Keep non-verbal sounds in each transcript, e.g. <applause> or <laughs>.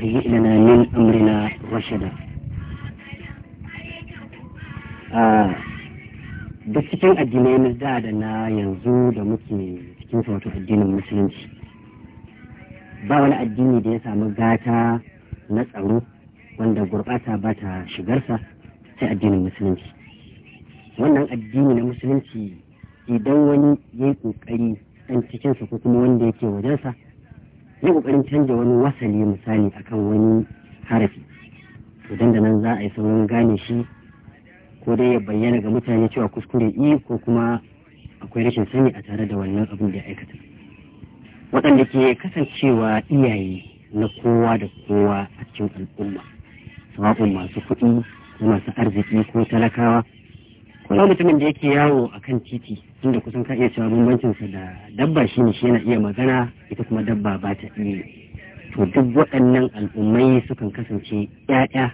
هيئ لنا من أمرنا رشدا da cikin addinai na da da na yanzu da muke cikin wato addinin musulunci ba wani addini da ya samu gata na tsaro wanda gurɓata ba ta shigarsa sai addinin musulunci wannan addini na musulunci idan wani ya yi ƙoƙari ɗan cikinsa ko kuma wanda yake wajensa yi kokarin canja wani wasali misali akan wani harafi dan da nan za a yi saurin gane shi ko dai ya bayyana ga mutane cewa kuskure i ko kuma akwai rashin sani a tare da wannan abin da ya aikata waɗanda ke kasancewa iyaye na kowa da kowa a cikin al'umma sawa'un masu kuɗi ko masu arziki ko talakawa kuma mutumin da yake yawo a kan titi inda kusan ka iya cewa bambancinsa da dabba shi ne shi yana iya magana ita kuma dabba ba ta iya to duk waɗannan al'ummai sukan kasance ƴaƴa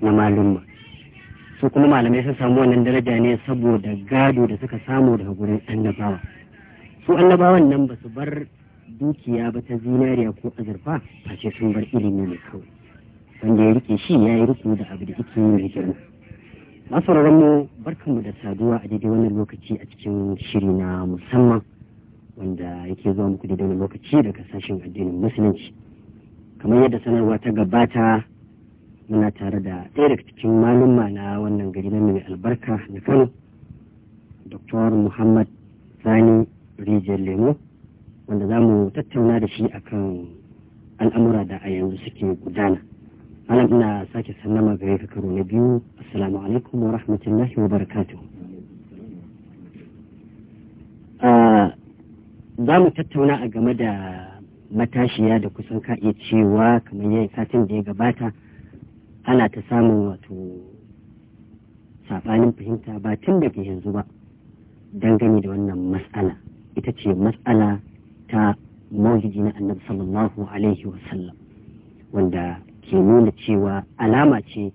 na malumma su kuma malamai sun samu wannan daraja ne saboda gado da suka samu daga gurin annabawa su annabawan nan ba su bar dukiya ba ta zinariya ko azurfa face sun bar ilimi ne kawai wanda ya rike shi ya yi riko da abu da yake yi mai girma masauraran mu barkanmu da saduwa a daidai wannan lokaci a cikin shiri na musamman wanda yake zuwa muku daidai wani lokaci daga sashen addinin musulunci kamar yadda sanarwa ta gabata muna tare da ɗaya daga cikin malumma na wannan gari na mai albarka na kano dr muhammad sani rijiyar lemo wanda za mu tattauna da shi akan al'amura da a yanzu suke gudana Malam ina sake sallama gare ka karo na biyu. Assalamu alaikum wa rahmatullahi wa barakatuh. Za mu tattauna a game da matashiya da kusan ka cewa kamar yayin satin da ya gabata ana ta samun wato safanin fahimta ba tun daga yanzu ba dangane da wannan matsala ita ce matsala ta maulidi na annabi sallallahu alaihi wasallam wanda ke nuna cewa alama ce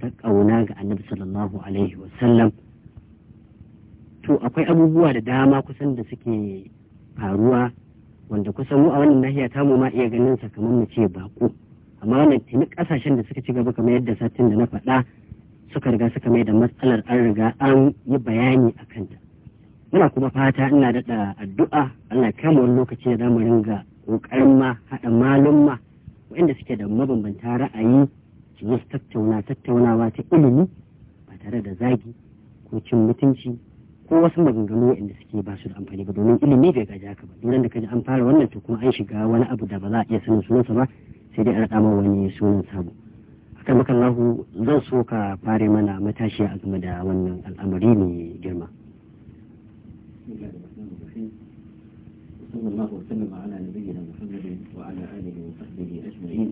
ta ƙauna ga annabi sallallahu alaihi wasallam to akwai abubuwa da dama kusan da suke faruwa wanda kusan mu a wannan nahiya ta mu ma iya ganin sa kamar mu ce bako amma wannan tuni kasashen da suka ci gaba kamar yadda satin da na faɗa suka riga suka mai da matsalar an riga an yi bayani a kanta muna kuma fata ina daɗa addu'a Allah kama wani lokaci da zamu ga ƙoƙarin ma haɗa malumma waɗanda suke da mabambanta ra'ayi su wasu su tattauna tattaunawa ta ilimi ba tare da zagi ko cin mutunci ko wasu maganganu waɗanda suke ba su da amfani ba domin ilimi bai gaji haka ba idan da kaji an fara wannan to kuma an shiga wani abu da ba za a iya sanin sunansa ba sai dai a raɗa wani sunan sabo akan maka lahu zan so ka fare mana matashi a game da wannan al'amari mai girma. صلى الله وسلم على نبينا محمد وعلى اله وصحبه اجمعين.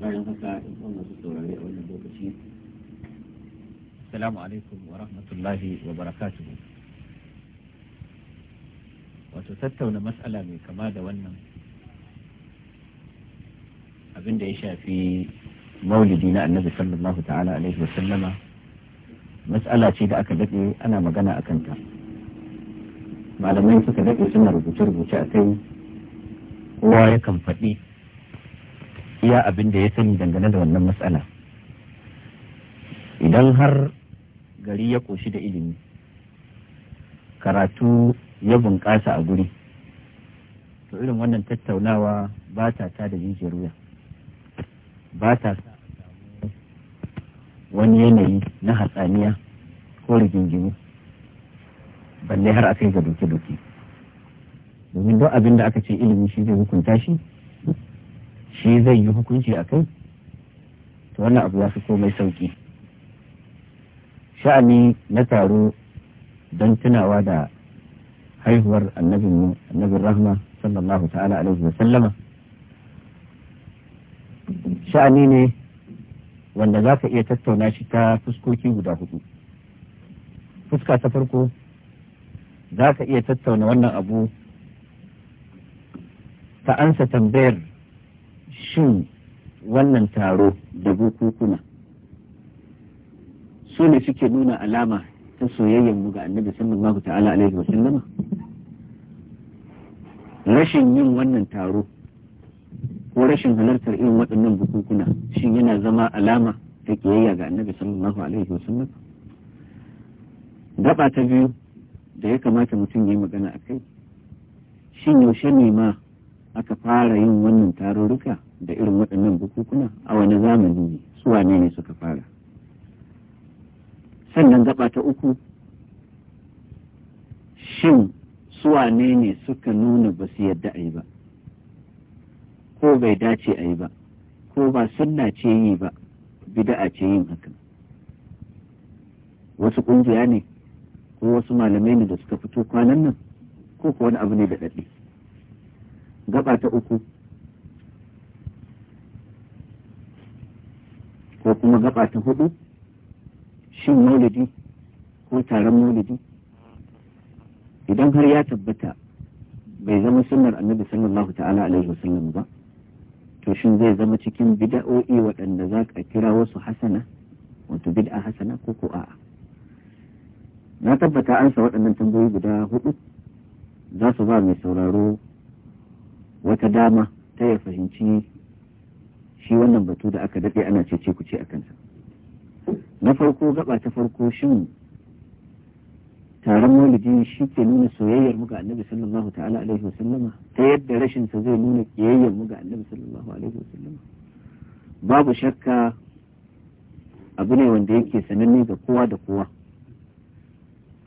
بعد ان قطعت اللهم صل على ولا بشير. السلام عليكم ورحمه الله وبركاته. وتتتون مسألة من كما دونا أبن ديشا في مولدنا النبي صلى الله تعالى عليه وسلم مسألة شيء أكدت أنا مجانا أكنتها malamai suka daɗe suna rubuce-rubuce a kai kowa yakan faɗi iya abin da ya sani dangane da wannan matsala idan har gari ya ƙoshi da ilimi karatu ya bunƙasa a guri to irin wannan tattaunawa ba ta ta da jijiyar wuya ba ta wani yanayi na hatsaniya ko rigingimu balle har a kai ga doke-doke domin don abin da aka ce ilimi shi zai hukunta shi shi zai yi hukunci a kai to wannan abu ya fi komai sauki sha'ani na taro don tunawa da haihuwar annabin annabin rahma sallallahu ta'ala alaihi wa sallama sha'ani ne wanda za ka iya tattauna shi ta fuskoki guda hudu fuska ta farko za ka iya tattauna wannan abu ta ansa tambayar shin wannan taro da bukukuna su ne suke nuna alama ta soyayyar mu ga annabi sallallahu ta'ala alaihi wa sallama rashin yin wannan taro ko rashin halartar irin waɗannan bukukuna shin yana zama alama ta kiyayya ga annabi sallallahu alaihi wa sallama gaba ta biyu da ya kamata mutum ya yi magana a kai shin yaushe ne ma aka fara yin wannan tarurruka da irin waɗannan bukukuna a wani zamani ne su wane ne suka fara sannan gaba ta uku shin su wane ne suka nuna ba su yadda a yi ba ko bai dace a yi ba ko ba sunna ce yi ba bida a ce yin hakan wasu ƙungiya ne ko wasu malamai ne da suka fito kwanan nan ko ko wani abu ne da daɗe gaba ta uku ko kuma gaba ta hudu shin maulidi ko taron maulidi idan har ya tabbata bai zama sunnar annabi sallallahu ta'ala alaihi wasallam ba to shin zai zama cikin bida'o'i waɗanda za ka kira wasu hasana wato bid'a hasana ko ko a'a na tabbata ansa waɗannan tambayoyi guda hudu za su ba mai sauraro wata dama ta ya fahimci shi wannan batu da aka daɗe ana ce ku ce a kansa na farko gaba ta farko shin taron maulidi shi ke nuna soyayyar mu ga annabi sallallahu ta'ala alaihi wasallama ta yadda rashin sa zai nuna kiyayyar mu ga annabi sallallahu alaihi wasallama babu shakka abu ne wanda yake sananne ga kowa da kowa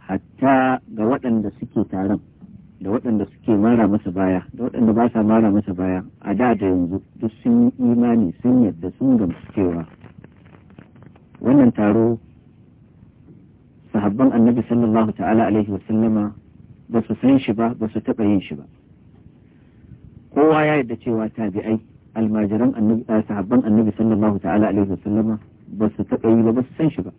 hatta ga waɗanda suke taron da waɗanda suke mara masa baya da waɗanda ba sa mara masa baya a da da yanzu duk sun yi imani sun yadda sun gamsu cewa wannan taro sahabban annabi sallallahu ta'ala alaihi wasallama ba su san shi ba ba su taɓa yin shi ba kowa ya yadda cewa tabi'ai almajiran eh, sahabban annabi sallallahu ta'ala alaihi wasallama ba su taɓa yi ba ba su san shi ba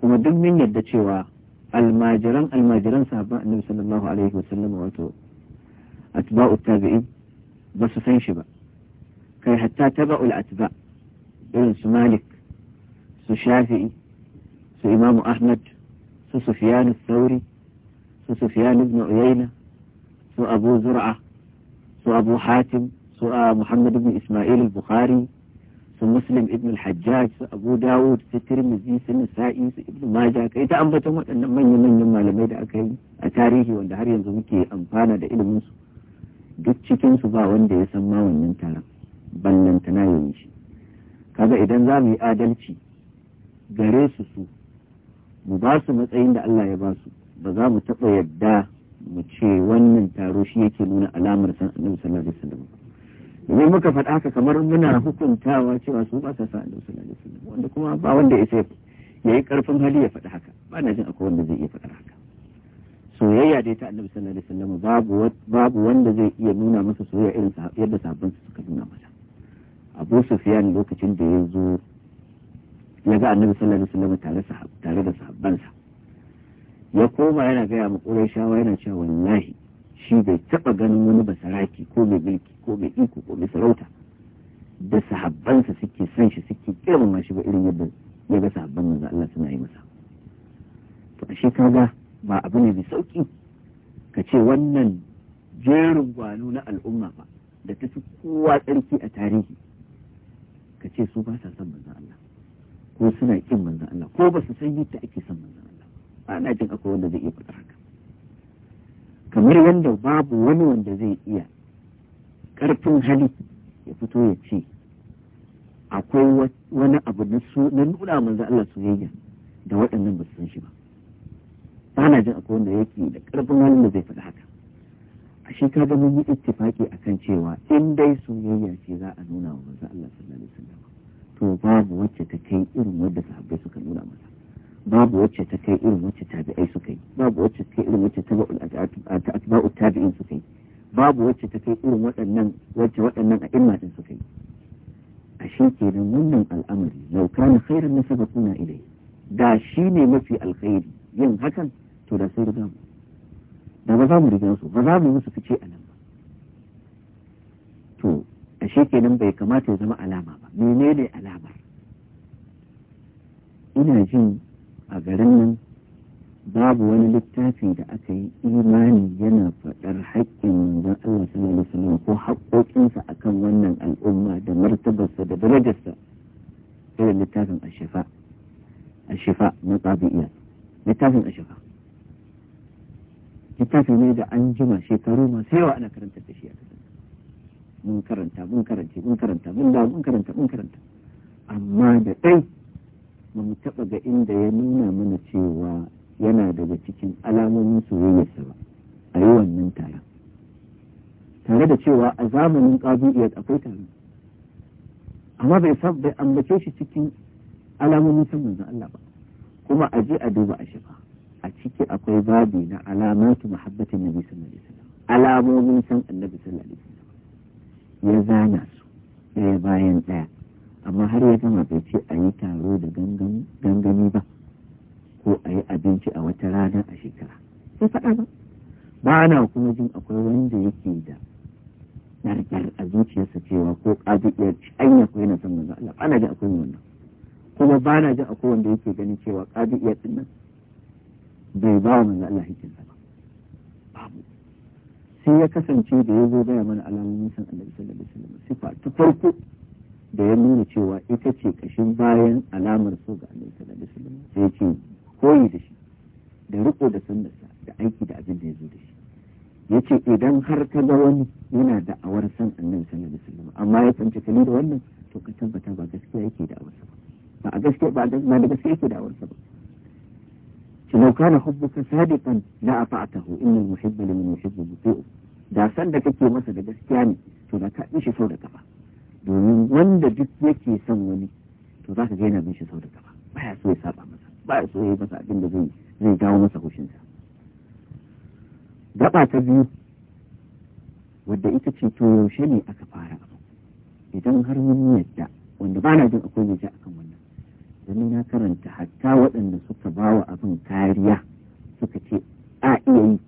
kuma duk min yadda cewa الماجران الماجران صحابة النبي صلى الله عليه وسلم أتباع التابعين بس فينشبه كي حتى تبع الأتباع إذن سو مالك سو شافئي سو إمام أحمد سو سفيان الثوري سو سفيان بن عيينة سو أبو زرعة سو أبو حاتم سو آه محمد بن إسماعيل البخاري su muslim ibn al-hajjaj su abu dawud su tirmizi su nisa'i su ibn maja kai ta ambaton waɗannan manyan manyan malamai da aka yi a tarihi wanda har yanzu muke amfana da ilimin su duk cikin su ba wanda ya san ma wannan taron ballanta ta yayin shi kaga idan za mu yi adalci gare su su mu ba su matsayin da Allah ya ba su ba za mu taɓa yadda mu ce wannan taro shi yake nuna alamar san annabi sallallahu alaihi wasallam ne muka faɗa ka kamar muna hukuntawa cewa su ba sa sa a sallallahu wanda kuma ba wanda ya yi karfin hali ya faɗi haka ba na jin akwai wanda zai iya faɗa haka soyayya dai ta annabi sallallahu alaihi wasallam babu wanda zai iya nuna masa soyayya irin yadda su suka nuna masa Abu Sufyan lokacin da ya zo ya ga annabi sallallahu alaihi wasallam tare da sahabbansa ya koma yana gaya ma shawa yana cewa wallahi shi bai taɓa ganin wani basaraki ko mai mulki ko mai iko ko mai sarauta da sahabbansa suke son shi suke girmama shi ba irin yadda ya ga sahabban manzo Allah suna yi masa to ashe kaga ba abu ne mai sauki ka ce wannan jerin gwano na al'umma ba da ta fi kowa tsarki a tarihi ka ce su ba sa son manzan Allah ko suna kin manzan Allah ko ba su san yadda ake son manzan Allah ana jin akwai wanda zai iya faɗa haka kamar yadda babu wani wanda zai iya ƙarfin hali ya fito ya ce akwai wani abu na nuna manzo Allah soyayya da waɗannan ba su shi ba ba jin akwai wanda yake da karfin hali da zai faɗi haka a shi ka ga mun yi ittifaki akan cewa in dai soyayya ce za a nuna wa manzo Allah sallallahu alaihi wasallam to babu wacce ta kai irin wanda sahabbai suka nuna masa babu wacce ta kai irin wacce tabi'ai suka yi babu wacce ta kai irin wacce atba'u tabi'in suka yi babu wacce ta kai irin waɗannan wacce waɗannan a imma din suka yi ashe kenan wannan al'amari lau kana khairan na kuna ilai da shi ne mafi alkhairi yin hakan to da sai riga mu da ba za mu riga su ba za mu musu fice a nan ba to ashe kenan bai kamata ya zama alama ba menene alamar ina jin a garin nan babu wani littafi da aka yi imani yana faɗar haƙƙin manzon Allah sallallahu alaihi wasallam ko haƙƙoƙinsa akan wannan al'umma da martabarsa da darajarsa irin littafin ashifa ashifa na tabi'iyya littafin ashifa littafi ne da an jima shekaru masu yawa ana karanta da shi a kasar mun karanta mun karanta mun karanta mun da mun karanta mun karanta amma da ɗai ba mu taɓa ga inda ya nuna mana cewa yana daga cikin alamomin soyayyarsa ba a yi wannan taron tare da cewa a zamanin ƙabiliyar akwai taron amma bai sab bai ambace shi cikin alamomin sun manzo Allah ba kuma a je a duba a shi ba a ciki akwai babi na alamatu muhabbatin nabi sallallahu alaihi wasallam alamomin san annabi sallallahu alaihi wasallam ya zana su ɗaya bayan ɗaya amma har ya gama bai ce a yi taro da gangami ba ko a yi abinci a wata rana a shekara sai faɗa ba ba na kuma jin akwai wanda yake da ɗarɗar a zuciyarsa cewa ko ƙazuɗiyar ci anya ko yana son manzo Allah ba na jin akwai wannan kuma ba na jin akwai wanda yake ganin cewa ƙazuɗiyar ɗin nan bai ba wa manzo Allah hikinsa ba babu sai ya kasance da ya zo gaya mana alamomin san allah sallallahu alaihi wasallam sifa ta farko da ya nuna cewa ita ce kashin bayan alamar so ga annabi sallallahu alaihi wasallam sai ce koyi da shi da riko da sunnarsa da aiki da abin da ya zo da shi yace idan har ka ga wani yana da awar san annabi sallallahu alaihi wasallam amma ya tsanci kali da wannan to ka tabbata ba gaskiya yake da awarsa ba ba a gaskiya ba da gaskiya yake da awarsa ba لو كان حبك صادقا لا أطعته إن المحب لمن يحب مطيع da san da kake masa da gaskiya ne to da ka shi so da kafa domin wanda duk yake son wani to za ka ga bin shi sau da gaba baya so ya saba masa baya so ya yi masa abin da zai zai masa hushinsa gaba ta biyu wadda ita ce to yaushe ne aka fara abu idan har mun yadda wanda ba na jin akwai yaji akan wannan domin na karanta hatta waɗanda suka ba wa abin kariya suka ce a iya yi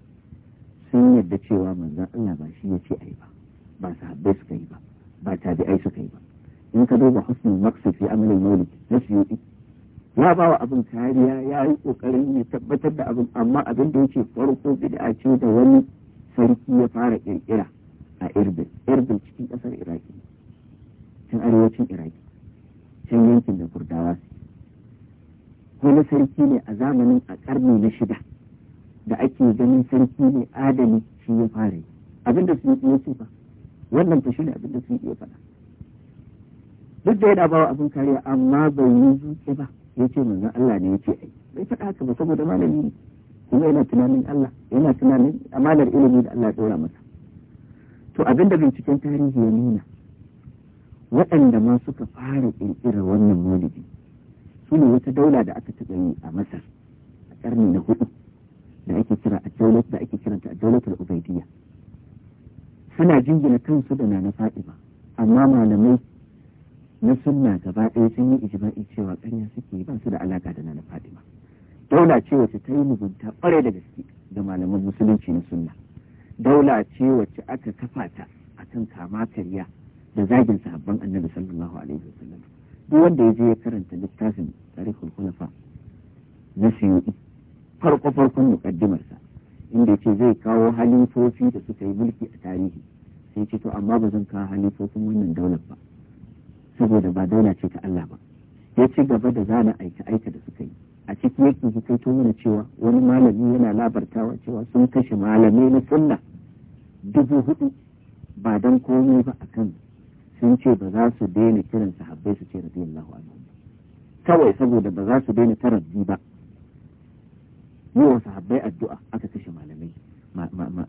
sun yadda cewa manzan Allah ba shi ya ce a yi ba ba sahabbai suka yi ba ba tabi'ai suka yi ba in ka duba husnul maqsid fi amalin mawlid na suyuti ya ba abin kariya ya yi kokarin ya tabbatar da abin amma abin da yake farko bid'a ce da wani sarki ya fara kirkira a irbil irbil cikin kasar iraki can arewacin iraki can yankin da kurdawa wani sarki ne a zamanin a karni na shida da ake ganin sarki ne adami shi ya fara yi abin da su yi ba wannan to shine abin da sun iya faɗa duk da yana bawa abin kariya amma bai yi zuciya ba ya ce manzon Allah ne ya ce ai bai faɗa haka ba saboda malami ne kuma yana tunanin Allah yana tunanin amalar ilimi da Allah ya ɗora masa to abinda binciken tarihi ya nuna waɗanda ma suka fara ƙirƙirar wannan maulidi su ne wata daula da aka taɓa yi a masar a ƙarni na hudu da ake kira a da ake kiranta a daulatul ubaidiyya suna jingina kansu da na ba amma malamai na sunna gaba ɗaya sun yi ijma'i cewa ƙarya suke ba su da alaka da na fa'ima daula ce wacce ta yi mugunta ƙwarai da gaske da malaman musulunci na sunna daula ce wacce aka kafa ta akan kama karya da zagin sahabban annabi sallallahu alaihi duk wanda ya je ya karanta littafin tarihul khulafa na suyuti farko farkon mukaddimarsa inda ce zai kawo halifofi da suka yi mulki a tarihi sai ce to amma ba zan kawo halifofin wannan daular ba saboda ba daula ce ta Allah ba ya ci gaba da zana aika aika da suka yi a ciki yake hikaito mana cewa wani malami yana labartawa cewa sun kashe malamai na sunna dubu hudu ba don komai ba akan sun ce ba za su daina kiran sahabbai su ce radiyallahu anhu kawai saboda ba za su daina taraddi ba هو صحابي الدعاء أكثر شيء معلمي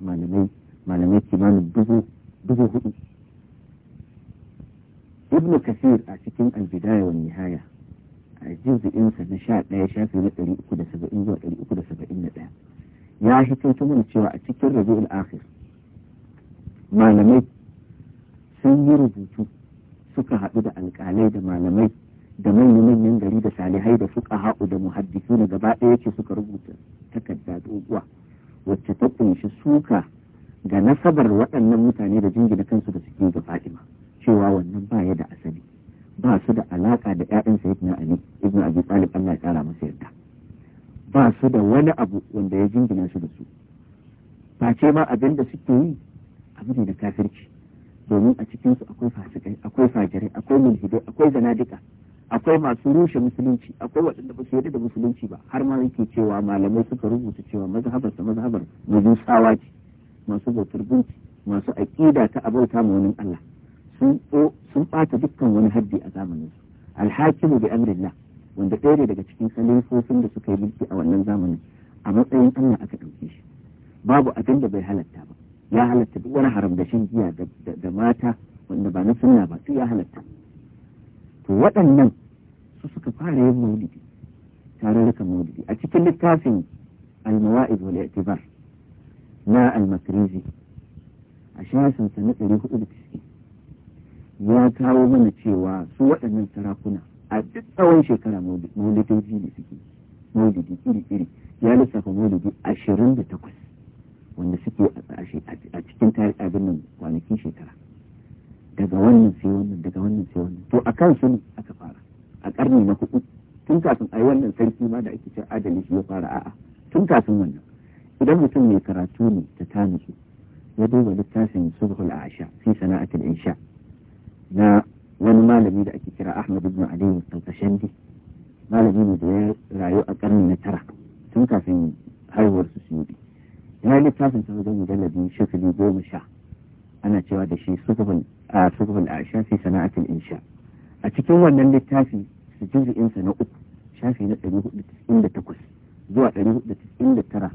معلمي معلمي كمان بدو بدو ابن كثير أشكين البداية والنهاية الجزء إنسى إيه، نشاء لا يشاف يلقى لأكد سبعين جوء لأكد سبعين لها يا أشكين تمنى تشوى أشكين ربيع الآخر معلمي سنجي ربوتو سكها بدأ الكالي ده معلمي da manyan manyan gari da salihai da suka haɗu da muhaddisi na gaba ɗaya ce suka rubuta takarda doguwa wacce ta kunshi suka ga nasabar waɗannan mutane da jingina kansu da suke ga Fatima cewa wannan ba da asali ba su da alaka da ƴaƴan Sayyidina Ali ibn Abi Talib Allah ya kara masa yarda ba su da wani abu wanda ya jingina su da su ba ce ma abin da suke yi abu ne da kafirci domin a cikinsu akwai fasikai akwai fajirai akwai mulhidai akwai zanadika akwai masu rushe musulunci akwai waɗanda ba su yarda da musulunci ba har ma yake cewa malamai suka rubuta cewa mazhabar sa mazhabar majusawa ce masu bautar gunki masu aƙida ta abauta ma wani Allah sun sun bata dukkan wani haddi a zamanin su alhakimu bi amrillah wanda ɗaya ne daga cikin kalifofin da suka yi mulki a wannan zamanin a matsayin Allah aka ɗauke shi babu abin da bai halatta ba ya halatta duk wani haram da shan giya da mata wanda ba na sunna ba sai ya halatta waɗannan su suka fara yin maulidi da maulidi a cikin littafin al-mawa'iz wal i'tibar na al-makrizi a shafin sa na 490 ya kawo mana cewa su waɗannan sarakuna a duk tsawon shekara maulidoji ne suke maulidi iri-iri ya lissafa maulidi ashirin da takwas wanda suke a cikin abin nan kwanakin shekara daga wannan sai wannan daga wannan sai wannan to a kan su ne aka fara a karni na hudu tun kafin a yi wannan sarki ma da ake cewa adali shi ya fara a'a tun kafin wannan idan mutum mai karatu ne ta tanusu ya duba littafin subhul asha fi sana'atul insha na wani malami da ake kira Ahmad ibn Ali al-Tashandi malami ne da ya rayu a karni na tara tun kafin haihuwar su su yi ya littafin sa wajen mujallabin shekali goma sha ana cewa da shi subhul a fiqhul shafi fi sana'atul insha a cikin wannan littafi su juz'insa na uku shafi na 498 zuwa 499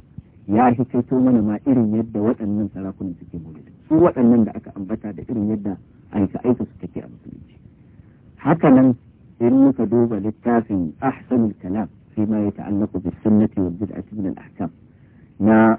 ya hikaito mana ma irin yadda waɗannan sarakunan suke mulki su waɗannan da aka ambata da irin yadda aika aika su take a musulunci haka nan in muka duba littafin ahsanul kalam fi ma yata'allaqu bis sunnati wal bid'ati min al ahkam na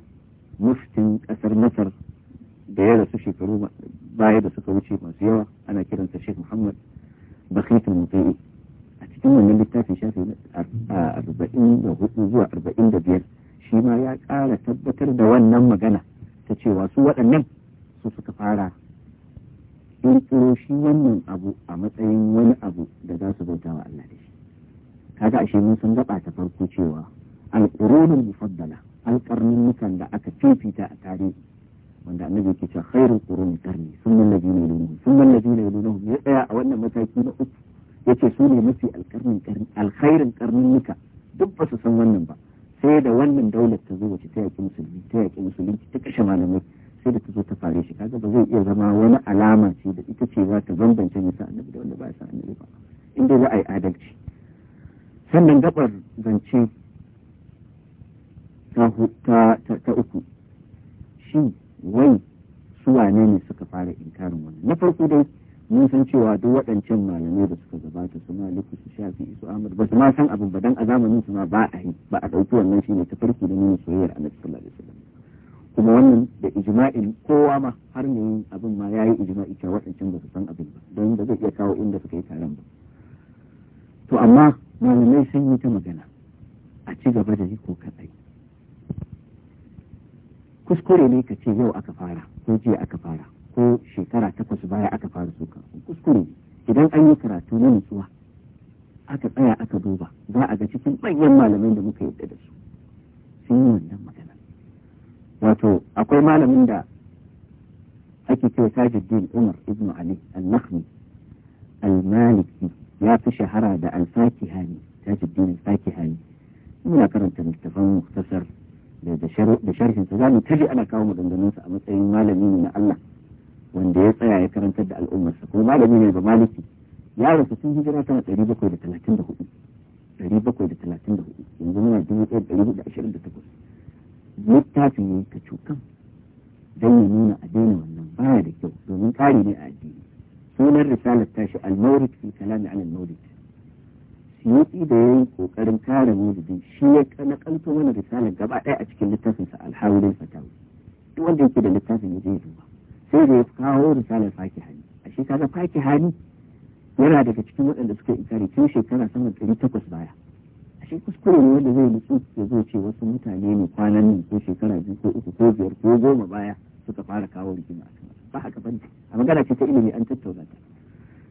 ba haka bane a magana ce ta ilimi an tattauna ta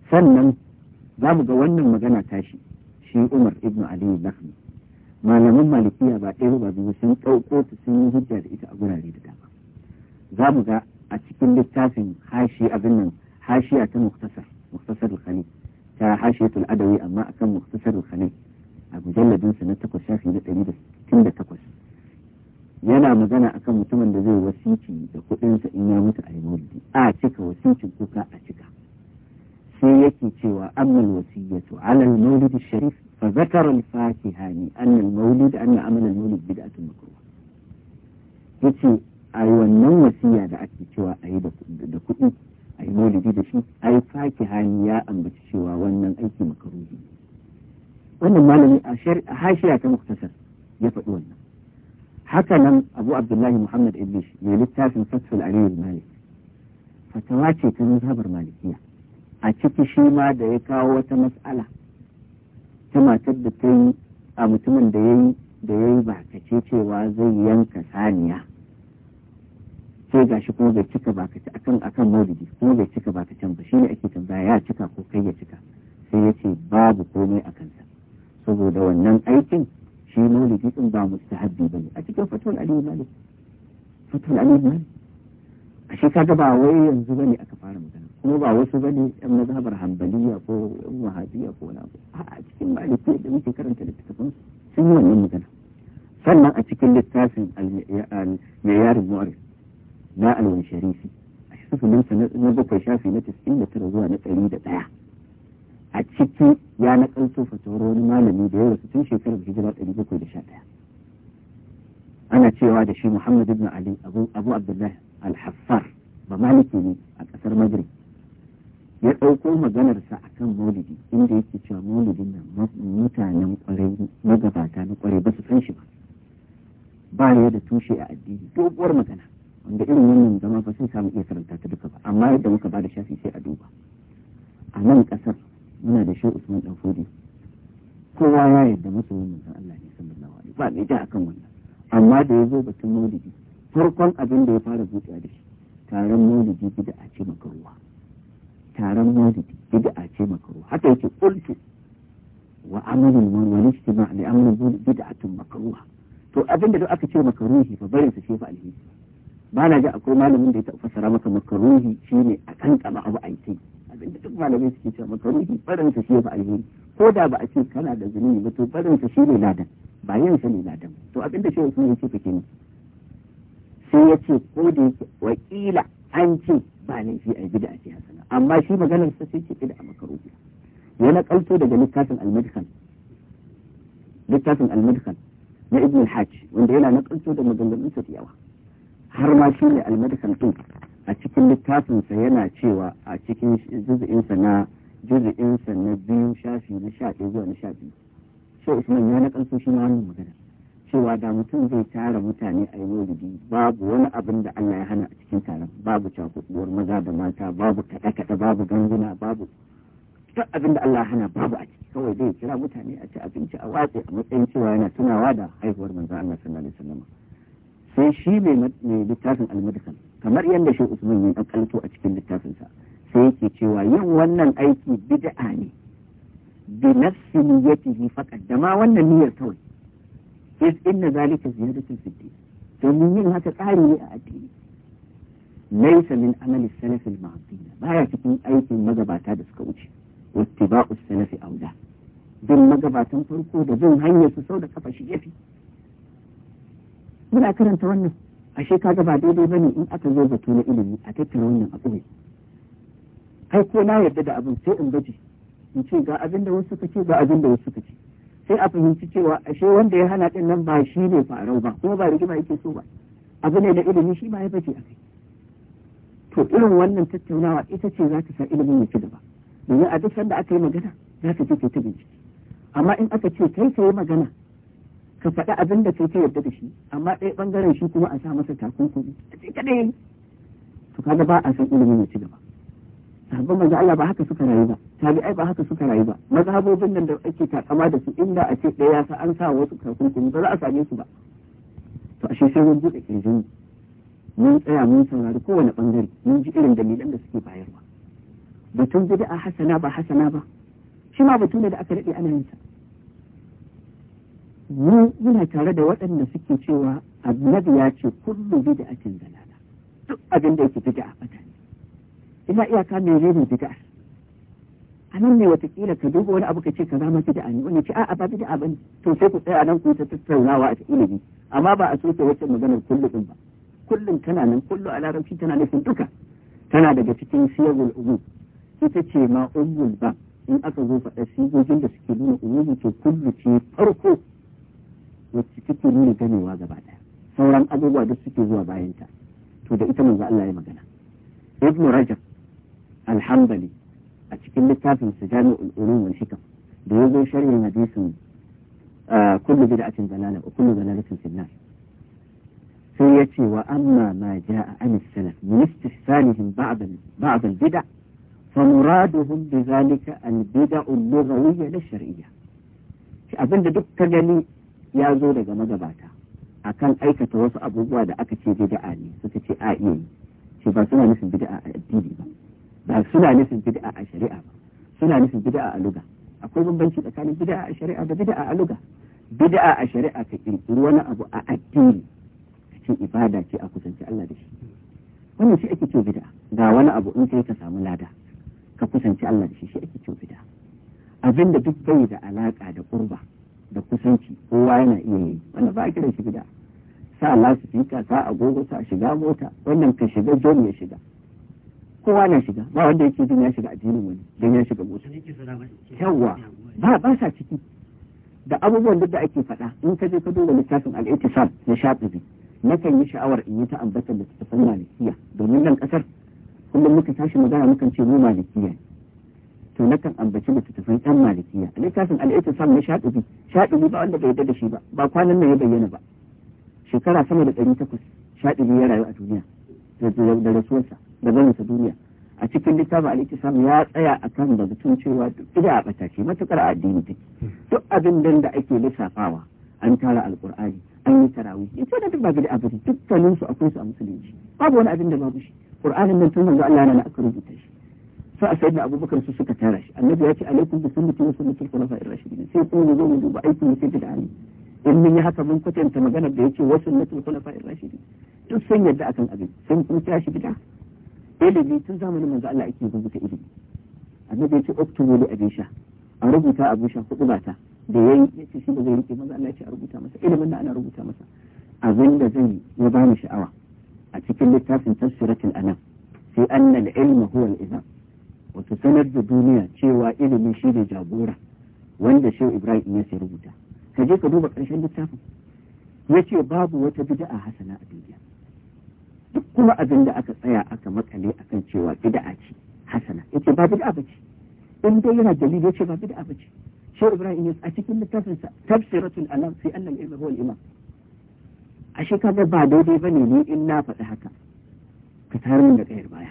sannan za mu ga wannan magana tashi shi Umar ibn Ali Lakhmi malaman malikiya ba ɗaya ba biyu sun ɗauko ta sun yi hujja da ita a gurare da dama za mu ga a cikin littafin hashi abin nan hashiya ta muktasar muktasar al ta hashiyatul adawi amma akan muktasar al a mujalladin sa na takwas shafi na ɗari da da takwas yana magana akan mutumin da zai wasici da kuɗinsa in ya mutu a yi a cika wasikin kuka a cika sai yake cewa amal wasiyatu ala al-maulid sharif fa zakara al-fatiha ni anna al-maulid anna amal al-maulid bid'atu yace ai wannan wasiya da ake cewa ayi da kuɗi ayi maulidi da shi ai fatiha ni ya ambaci cewa wannan aiki makruhi wannan malami a hashiya ta muktasar ya faɗi wannan haka mm-hmm. nan abu abdullahi muhammad iblis mai littafin fatul aliyu malik fatawa ce ta mazhabar malikiya a ciki shi ma da ya kawo wata matsala ta matar da ta yi a mutumin da ya yi da ya yi cewa zai yanka saniya sai gashi kuma bai cika bakace akan akan maulidi kuma bai cika can ba shi ne ake tambaya ya cika ko kai ya cika sai ya ce babu komai a kansa saboda wannan aikin shi maulidi din ba mustahabbi bane a cikin fatul aliyu malik fatul ali malik a shi ba wai yanzu bane aka fara magana kuma ba wasu bane yan mazhabar hanbaliya ko yan wahabiya ko wani abu a cikin maliki da muke karanta littattafan sun yi wannan magana sannan a cikin littafin al-mayar mu'arif na al-wansharisi a shi sunan na bakwai shafi na 99 zuwa na 101 a ciki ya nakalto fatoro wani malami da ya rasu tun shekarar hijira 711 ana cewa da shi muhammad ibn ali abu abdullahi al-haffar ba maliki ne a ƙasar madrid ya ɗauko maganarsa a kan maulidi inda yake cewa maulidin nan mutanen kwarai magabata na kwarai ba su san shi ba ba ya da tushe a addini doguwar magana wanda irin wannan zama ba sai samu iya karanta ta duka ba amma yadda muka ba da shafi sai a duba a nan ƙasar muna da shi Usman dan Fodi kowa ya yarda masoyin manzon Allah ne sallallahu alaihi ba bid'a akan wannan amma da yazo batun maulidi farkon abin da ya fara zuciya da shi taron maulidi bid'a ce makaruwa taron maulidi bid'a ce makaruwa haka yake kultu wa amalin wani ijtima' li amalin bid'atun makaruwa to abin da aka ce makaruhi fa bari su ce fa alheri ba na ji akwai malamin da ya taɓa fassara maka makaruhi shine a kankama abu aiki. abinda duk malamai suke cewa ruhi barin ta shi ba alheri ko da ba a ce kana da zunubi ba to barin ta shi ne ladan ba yin sa ne ladan to abinda shi wasu ne suka kenan sai ya ce ko da yake wakila an ce ba laifi a bida a ce hasana amma shi maganar sa sai ce bida a ruhi ya kalto daga littafin al-madkhal littafin al-madkhal na ibn al-hajj wanda yana na kalto da maganganun sa yawa har ma shi ne al-madkhal din a cikin littafinsa yana cewa a cikin juz'insa na juz'insa na biyu shafi na sha ɗaya zuwa na sha biyu sai usman ya na shi ma wannan magana cewa da mutum zai tara mutane a yi maulidi babu wani abin da Allah ya hana a cikin taron babu cakuɗuwar maza da mata babu kaɗe-kaɗe babu ganguna babu duk abin da Allah ya hana babu a ciki kawai zai kira mutane a ci abinci a watsi a matsayin cewa yana tunawa da haihuwar manzo Allah sallallahu alaihi wasallam sai shi mai littafin al-madkhal kamar yadda shi usman ya ɗaukanto a cikin littafinsa sai yake cewa yin wannan aiki bid'a ne bi nafsi niyyatihi faqat da ma wannan niyyar kawai is inna zalika ziyadatun fi din domin yin haka tsari ne a addini laysa min amali salaf al baya cikin aikin magabata da suka wuce wattiba'u salaf aula bin magabatan farko da bin hanyar su sau da kafa shi yafi muna karanta wannan ashe kaga ba daidai bane in aka zo batu na ilimi a tattara wannan abu ai ko na yarda da abin sai in baje in ce ga abin da wasu suka ce ga abin da wasu suka ce sai a fahimci cewa ashe wanda ya hana ɗin nan ba shi ne farau ba kuma ba rigima yake so ba abu ne na ilimi shi ma ya baje a kai to irin wannan tattaunawa ita ce za ta sa ilimin ya ci gaba domin a duk sanda aka yi magana za ta ce ta bincike amma in aka ce kai ka yi magana ka faɗi abin da kai ka yarda da shi amma ɗaya ɓangaren shi kuma a sa masa takunkumi a ce kaɗai to kaga ba a san ilimin ya ci gaba sahabban manzo Allah ba haka suka rayu ba tabi'ai ba haka suka rayu ba mazhabobin nan da ake takama da su inda a ce ɗaya sa an sa wasu takunkumi ba za a same su ba to ashe sai mun buɗe kirjin mun tsaya mun saurari kowane ɓangare mun ji irin dalilan da suke bayarwa batun bid'a hasana ba hasana ba shi ma batu ne da aka daɗe ana yin sa mu muna tare da waɗanda suke cewa annabi ya ce kullum da ake dalala duk abin da yake da'a a ne ina iyaka mai rere da'a a nan ne watakila ka duba wani abu ka ce ka zama da'a ne wani ce a'a ba bid'a bane to sai ku tsaya nan ku ta tattaunawa a ilimi amma ba a soke wacce maganar kullum din ba kullum tana nan kullum a larabci tana nufin duka tana daga cikin siyagul ubu ita ce ma ummul ba in aka zo faɗa sigogin da suke nuna ubu ce kullum ce farko wacce take nuna ganewa gaba daya sauran abubuwa duk suke zuwa bayanta to da ita manzo Allah ya magana ibn rajab alhambali a cikin littafin sa jami'ul ulum wal hikam da yazo sharhin hadisin kullu bid'atin dalala wa kullu dalalatin fi nar sai ce wa amma ma jaa an salaf min istihsanihim ba'd ba'd al bid'a فمرادهم بذلك البدع اللغوية لا الشرعية abinda duk ka gani ya zo daga magabata akan aikata wasu abubuwa da aka ce bid'a ne suka ce a iya yi ce ba suna nufin bid'a a addini ba ba suna nufin bid'a a shari'a ba suna nufin bid'a a luga akwai bambanci tsakanin bid'a a shari'a da bid'a a luga bid'a a shari'a ka kirkiri wani abu a addini ce ibada ce a kusanci Allah da shi wannan shi ake ce bid'a ga wani abu in kai ka samu lada ka kusanci Allah da shi shi ake ce bid'a abinda duk bai da alaka da kurba da kusanci kowa yana iya yi wanda ba a kira shi gida sa lasifika sa agogo sa shiga mota wannan ka shiga jomi ya shiga kowa na shiga ba wanda yake jin ya shiga addinin wani don ya shiga mota yawa ba ba sa ciki da abubuwan duk da ake faɗa in ka je ka duba littafin al-ittisal na shafi nakan yi sha'awar in yi ta ambatar da ta malikiya domin nan kasar kullum muka tashi magana mukan ce mu malikiya ne to kan ambaci littattafan yan malikiya littafin al na shaɗubi shaɗubi ba wanda bai yadda da shi ba ba kwanan nan ya bayyana ba shekara sama da ɗari takwas shaɗubi ya rayu a duniya da rasuwarsa da barinsa duniya a cikin littafin al ya tsaya akan da batun cewa ida a ɓatace matukar addini take duk abin da ake lissafawa an tara alkur'ani an yi tarawih in ce da duk ba bid'a bane akwai su a musulunci babu wani abin da babu shi qur'anin nan tun manzo Allah yana aka rubuta shi sa a sayyidina abubakar su suka tara shi annabi ya ce alaikum bi sunnati wa sunnati al-khulafa'ir rashidin sai kuma zo mu duba aikin da ali in mun yi haka mun kwatanta magana da yake wasu natul khulafa ar-rashidin duk sun yadda akan abin sun kuma shi gida ilimi tun zamanin manzo Allah ake rubuta ilimi annabi ya ce uktubu li abisha a rubuta abisha kudu bata da yayi yace shi ba zai rike manzo Allah ce a rubuta masa ilimin da ana rubuta masa abin da zai ya bani sha'awa a cikin littafin tafsiratul anam sai anna al-ilma huwa al-izam wato sanar da duniya cewa ilimi shi ne jagora wanda shi ibrahim ya sai rubuta ka je ka duba ƙarshen littafin ya ce babu wata bid'a hasana a duniya duk kuma abin da aka tsaya aka makale akan cewa bid'a ce hasana yace ba bid'a ba ce in dai yana dalili yace ba bid'a ba ce ibrahim ya a cikin littafin sa tafsiratul alam fi annal ilm huwa al-imam ashe kaga ba daidai bane ni in na faɗi haka ka tarin min da kayar baya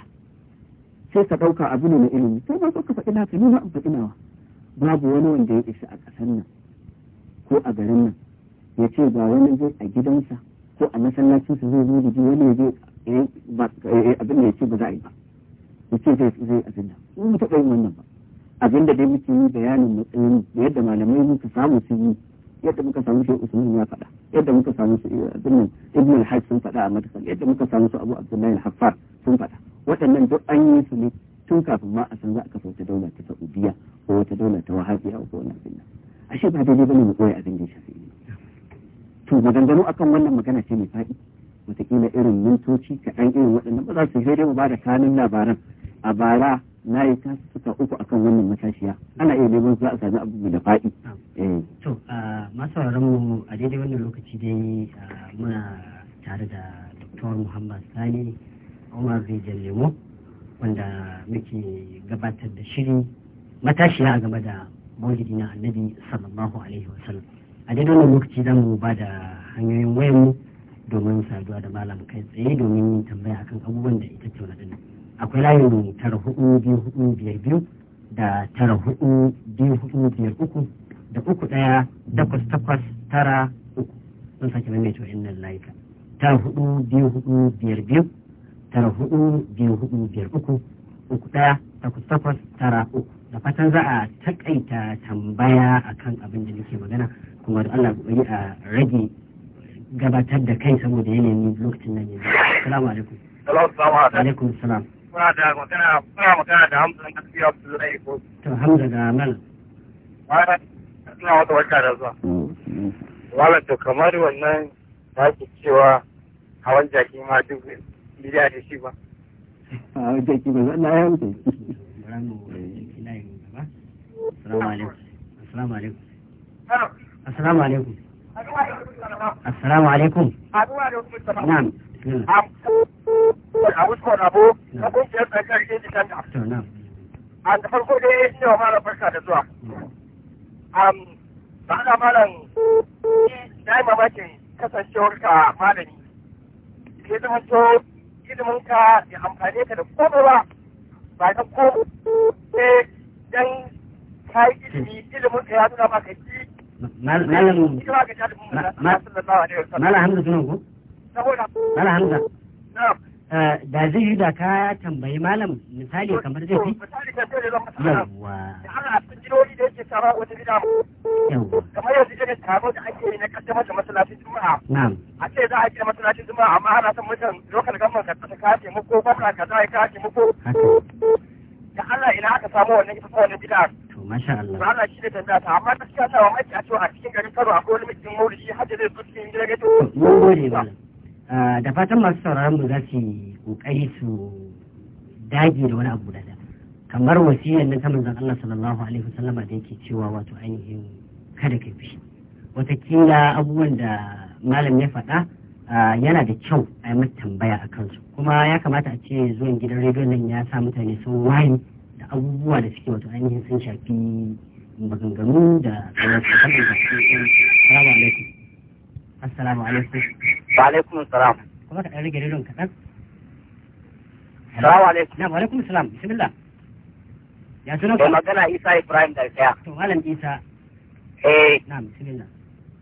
sai ka ɗauka abu ne na ilimi sai ba ka faɗi lafi ni ma in faɗi nawa babu wani wanda ya isa a ƙasar nan ko a garin nan ya ce ba wani zai a gidansa ko a su zai zo da wani ya je abin da ya ce ba za a yi ba ya ce zai zai abin da mu taɓa yin wannan ba abin da dai muke yi bayanin matsayin yadda malamai muka samu sun yi yadda muka samu shi usman ya faɗa yadda muka samu su eh, ibn ibn al-hajj sun faɗa a madkhal yadda muka samu su abu abdullahi al-haffar sun faɗa waɗannan duk an yi su ne tun kafin ma a san za a kafa wata daula ta saudiya ko wata daula ta wahabiya ko wani abin nan ashe ba daidai bane mu koyi abin da shafi to maganganu akan wannan magana ce mai faɗi wataƙila irin mintoci kaɗan irin waɗannan ba za su sai dai mu ba da kanun labaran a bara na yi ta suka uku akan wannan matashiya ana iya neman za a sami abu da faɗi. Eh. to masu mu a daidai wannan lokaci dai muna tare da dr muhammad sani umar rijal lemo wanda muke gabatar da shiri matashiya a game da maulidi na annabi sallallahu alaihi wasallam a daidai wannan lokaci za mu ba da hanyoyin wayanmu domin saduwa da malam kai tsaye domin tambaya akan abubuwan da ita tattauna dinnan akwai layin tara hudu biyu hudu biyar biyu da tara hudu biyu hudu biyar uku da uku daya takwas takwas tara uku sun sake mai to innan layuka tara hudu biyu hudu biyar biyu tara hudu biyu hudu biyar uku uku daya takwas takwas tara uku da fatan za a takaita tambaya akan abin da nake magana kuma da Allah yi a rage gabatar da kai saboda yanayin lokacin nan yanzu assalamu alaikum alaikum salam kuna da magana magana da hamza na tafiya su zai ko to hamza da nan wala ina wata wata da zuwa wala mm, mm. to kamar wannan ba ki cewa hawan jaki ma duk bidiya ne shi ba hawan jaki ba zan alaikum. Assalamu alaikum. Assalamu alaikum. Assalamu alaikum. a muskon abu na kungiyar tsakar indikanda a da farko dai ya ce wa malam barka da zuwa um, ba da malam yi mamakin kasancewar malami ya zama ilimin ka ya amfane ka da komai ba ba ta ko sai dan ka ilimi ilimin ka ya nuna maka ji malamin malamin hamdu sunan ku Mala Hamza. Eh, da zai yi da ka tambayi malam misali kamar zai fi? Yawwa. Kamar yanzu irin taro da ake yi na da juma'a. A ce za a gina masallacin juma'a amma ana son mutum lokacin ka ka ko ka kaza ya ka Da Allah ina aka samu wannan ita wannan bid'a. masha Allah. Ba Allah shi tanda ta amma gaskiya ta wa a cikin garin Kano akwai wani mutum maulidi hajji zai Mun gode Ah, da fatan masu sauraron mu za su yi kokari su dage da wani abu da kamar wasiyar nan ta zan Allah sallallahu alaihi wasallama da yake cewa wato ainihin kada ka fi watakila abubuwan da malam ya faɗa ah, yana da kyau a yi mata tambaya a kansu kuma ya kamata a ce zuwan gidan rediyon nan ya sa mutane sun waye da abubuwa da suke wato ainihin sun shafi maganganu da kamar su kam assalamu alaikum wa alaikum assalam kuma ka ɗan rage rediyon kaɗan assalamu alaikum na wa alaikum assalam bismillah ya sunan ka magana isa ibrahim garfiya to malam isa eh na bismillah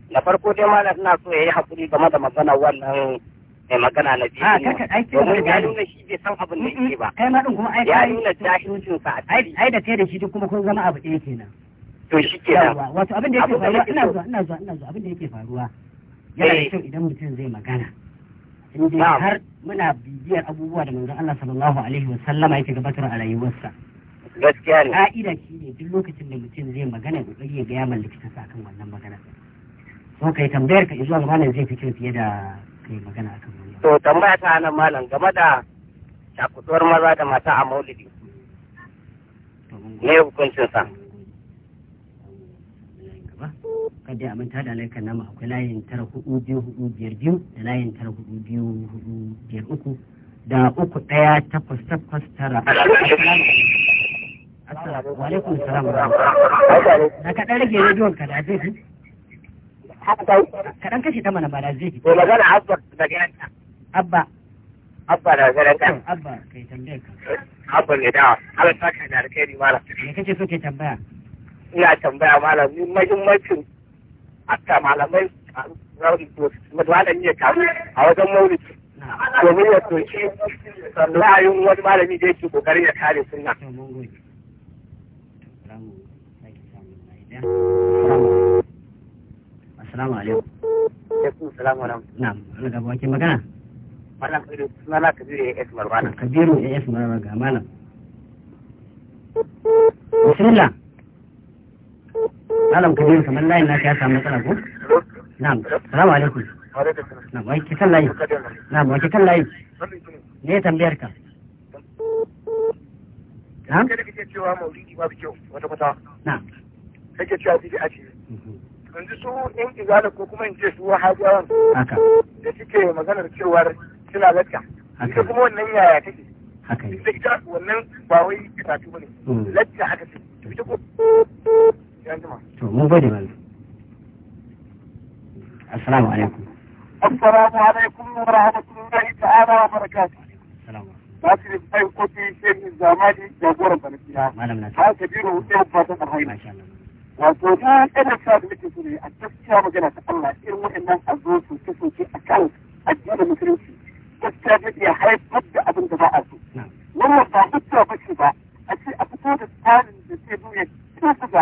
na farko dai malam ina so yayi hakuri game da magana wannan mai magana na biyu Ah, da ya nuna shi bai san abin da yake ba kai ma din kuma ai ya nuna jahilcin sa ai da kai da shi duk kuma kun zama abu ɗaya kenan to shi kenan wato abin da yake faruwa ina zuwa ina zuwa ina zuwa abin da yake faruwa yana da eh. kyau idan mutum zai magana in har muna bibiyar abubuwa da manzon Allah sallallahu alaihi wa sallama yake gabatar a rayuwarsa gaskiya ne ka'ida shi ne duk lokacin da mutum zai magana ya kokari ya ga ya mallaki ta akan wannan magana so kai tambayar ka zuwa malam zai fi kyau fiye da kai magana akan wannan to tambaya ta nan malam game da cakuduwar maza da mata a maulidi ne hukuncin sa kada a manta da alaikar nama akwai layin tara hudu biyu hudu biyar biyu da layin tara hudu biyu hudu biyar uku da uku ɗaya takwas takwas tara assalamu alaikum salam na kaɗan rage rediyon ka da zai fi kaɗan kashe ta mana ba da zai fi to magana abba da ganta abba abba da ganta abba kai tambayar ka abba ne da Allah ta kana da kai ni mala me kake so ke tambaya ina tambaya malam muhimmancin hatta malamai malam ya a wajen maulid domin ya soki ra'ayin malami da yake kokarin ya kare sunna Assalamu alaikum. Alaikum salam wa gaba wakin magana? Malam Kabiru, suna na Kabiru AS Marwana. Kabiru AS Marwana ga malam. Bismillah. malam kabiru kamar layin na ya samu matsala ko na'am salamu alaikum na'am wai kan layi na'am wai kan layi ne tambayar ka na'am kada kake cewa maulidi kyau wata kwata na'am cewa ce mhm. yanzu su in izala ko kuma in ce su da suke maganar cewar suna ita kuma wannan yaya take haka ita wannan ba wai karatu bane mhm. haka ce ita ko السلام عليكم السلام عليكم ورحمة الله تعالى وبركاته السلام عليكم لكن بين قوتي شيء من زماني جابورا بالاتحاد ما لم نسمع هذا كبير وزيد ما شاء الله وزيدان انا كاد مثلي التسكية مجنة الله ارمو ان الزوز وكسو في اكل الجنة مكرمسي تستاذ يا حيث مبدأ ابن دفاعاته نعم والله فاهمتها بشبه اشي اتصال الثاني من السيدوية كيف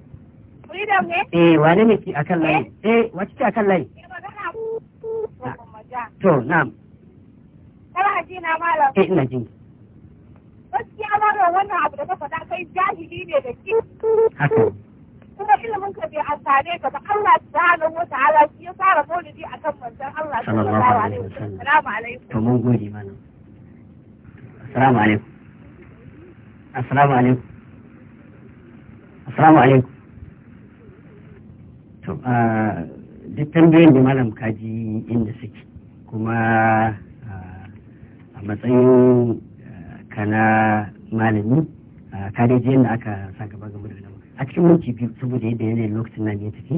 Freedom ne? Eh, wane ne akan layi? Eh, eh wace ce kan layi? To, na'am. Kala haji na malam? Eh, ina jin. Gaskiya malam wannan abu da ka faɗa kai jahili ne da ke. Haka. Kuma ilimin ka bai amfane ka ba Allah subhanahu wa ta'ala shi ya fara maulidi akan manzon Allah sallallahu alaihi wasallam. Assalamu alaikum. To mun gode malam. Assalamu alaikum. Assalamu alaikum. Assalamu alaikum. to a duk tambayoyin da malam kaji inda suke kuma a matsayin kana malami ka dai da aka sa gaba game da a cikin minti biyu saboda yadda yanayin lokacin nan ya tafi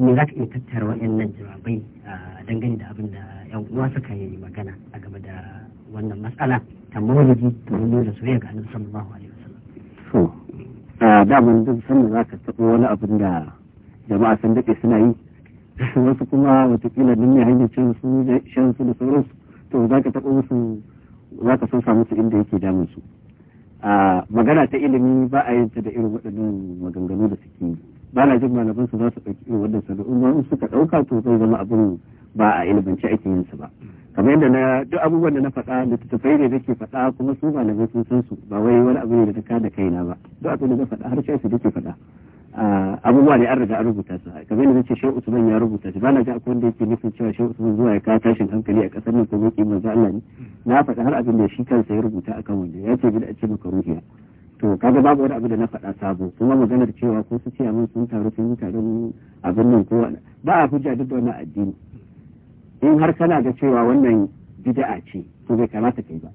me za ka iya tattara waɗannan jawabai dangane da abin da yan uwa suka yi magana a game da wannan matsala ta maulidi da nuna soyayya ga annabi sallallahu alaihi wasallam to da mun duk sanda za ka taɓa wani abin da jama'a sun daɗe suna yi <laughs> wasu kuma watakila din ne hanyar cin su shan su da sauransu to za ka taɓa musu za ka samu inda yake damun su magana ta ilimi ba a yin ta da irin waɗannan maganganu da suke yi ba na jin malaman su za su ɗauki irin da sanu'un ba suka ɗauka to zai zama abin ba a ilimance ake yin su ba kamar yadda na duk abubuwan da na faɗa da da ne nake faɗa kuma su malamai sun san su ba wai wani abu ne da ta kada kaina ba duk abin da na faɗa har shi su ke faɗa abubuwa ne an riga an rubuta su kamar yadda ce shehu usman ya rubuta shi bana ga akwai wanda yake nufin cewa shehu usman zuwa ya kawo tashin hankali a kasar nan ko kima za Allah ne na faɗa har abin da shi kansa ya rubuta a kan wanda ya ce da ce maka ruhiya to kaga babu wani abu da na faɗa sabo kuma maganar cewa ko su ce mun sun taru sun yi taron abin nan ko ba a hujja duk da wani addini in har kana ga cewa wannan bid'a ce to bai kamata kai ba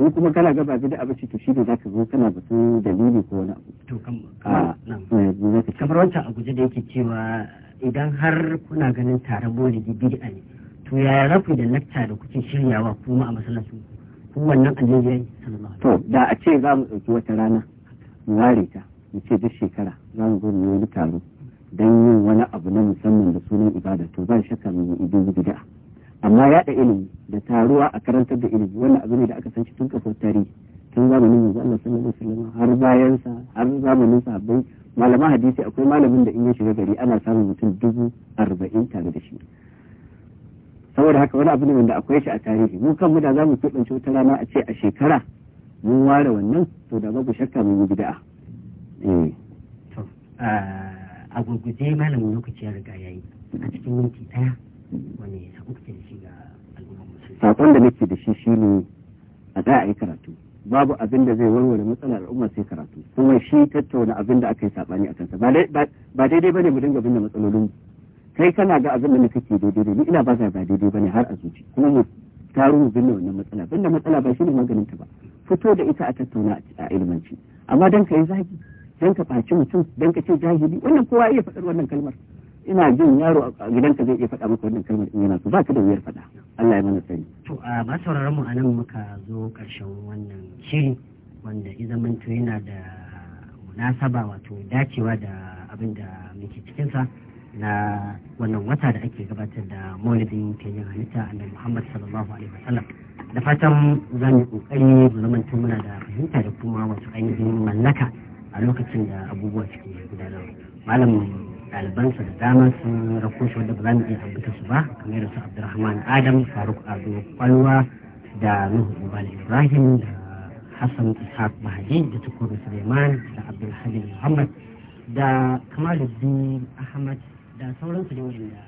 ko kuma kana gaba bi da abaci to shi ne zaka zo kana batun dalili ko wani abu to ah, eh, kamar wancan a guje da yake cewa idan har kuna ganin taron da bid'a ne to yaya za ku da lakta da kuke shiryawa kuma a masallacin ku wannan annabi yayi to da a ce za mu dauki wata rana mu ware ta mu ce duk shekara za mu zo mu yi wani taro don yin wani abu na musamman da sunan ibada to ba shakka mu yi bid'a amma yaɗa ilimi da taruwa a karantar da ilimi wannan abu ne da aka sanci shi tun kafin tarihi tun zamanin yanzu Allah sallallahu alaihi wasallam har bayan sa har zamanin sahabbai malaman hadisi akwai malamin da in ya shiga gari ana samun mutum dubu arba'in tare da shi saboda haka wani abu ne wanda akwai shi a tarihi mu kanmu da za mu keɓance wata rana a ce a shekara mun ware wannan to da babu shakka mun yi bid'a eh to a gurguje malamin lokaci ya riga yayi a cikin minti daya sakon da nake da shi shine a da a yi karatu babu abin da zai warware matsala al'umma sai karatu kuma shi tattauna abin da aka yi sabani a kansa ba daidai bane mu dinga binne matsalolin kai kana ga abin da ke daidai ne ni ina ba ba daidai bane har a zuci kuma mu taro mu binne wannan matsala binne matsala ba shine maganin ta ba fito da ita a tattauna a ilmanci amma dan ka yi zagi dan ka faci mutum dan ka ce jahili wannan kowa iya faɗar wannan kalmar ina jin yaro a gidanka zai iya faɗa maka wannan kalmar in yana so ba ka da wuyar faɗa Allah ya mana sani to a ba sauraron mu anan muka zo karshen wannan shiri wanda idan to yana da munasaba wato dacewa da abin da muke cikinsa na wannan wata da ake gabatar da maulidin kenyan halitta annabi muhammad sallallahu alaihi wasallam da fatan za mu kokari mu tun muna da fahimta da kuma wasu ainihin mallaka a lokacin da abubuwa suke gudanarwa malam ɗalibansa da dama sun rako shi wanda ba za mu iya ambata su ba kamar su Abdulrahman adam faruk ado kwalwa da nuhu ubal ibrahim da hassan ishaq mahadi da tukuru suleiman da Abdulhali muhammad da kamaluddin ahmad da sauransu ne da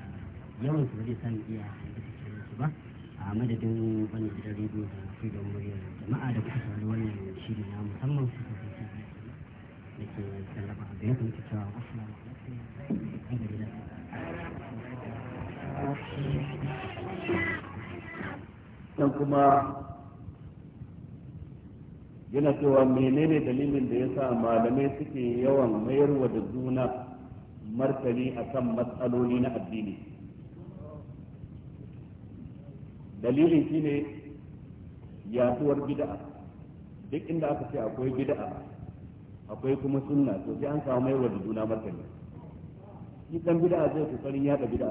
yawan su zai iya ambata su ba a madadin wani gidan rediyo da freedom muryar jama'a da kusa wani wannan shiri na musamman su kasance da ke dan kuma yana cewa menene dalilin da ya sa malamai suke yawan mayarwa da juna martani a kan matsaloli na addini dalilin shine yaduwar gid'a duk inda aka ce akwai gida'a. akwai kuma sunna to sai an samu mai wa juna martani shi dan bid'a zai kokarin yada bid'a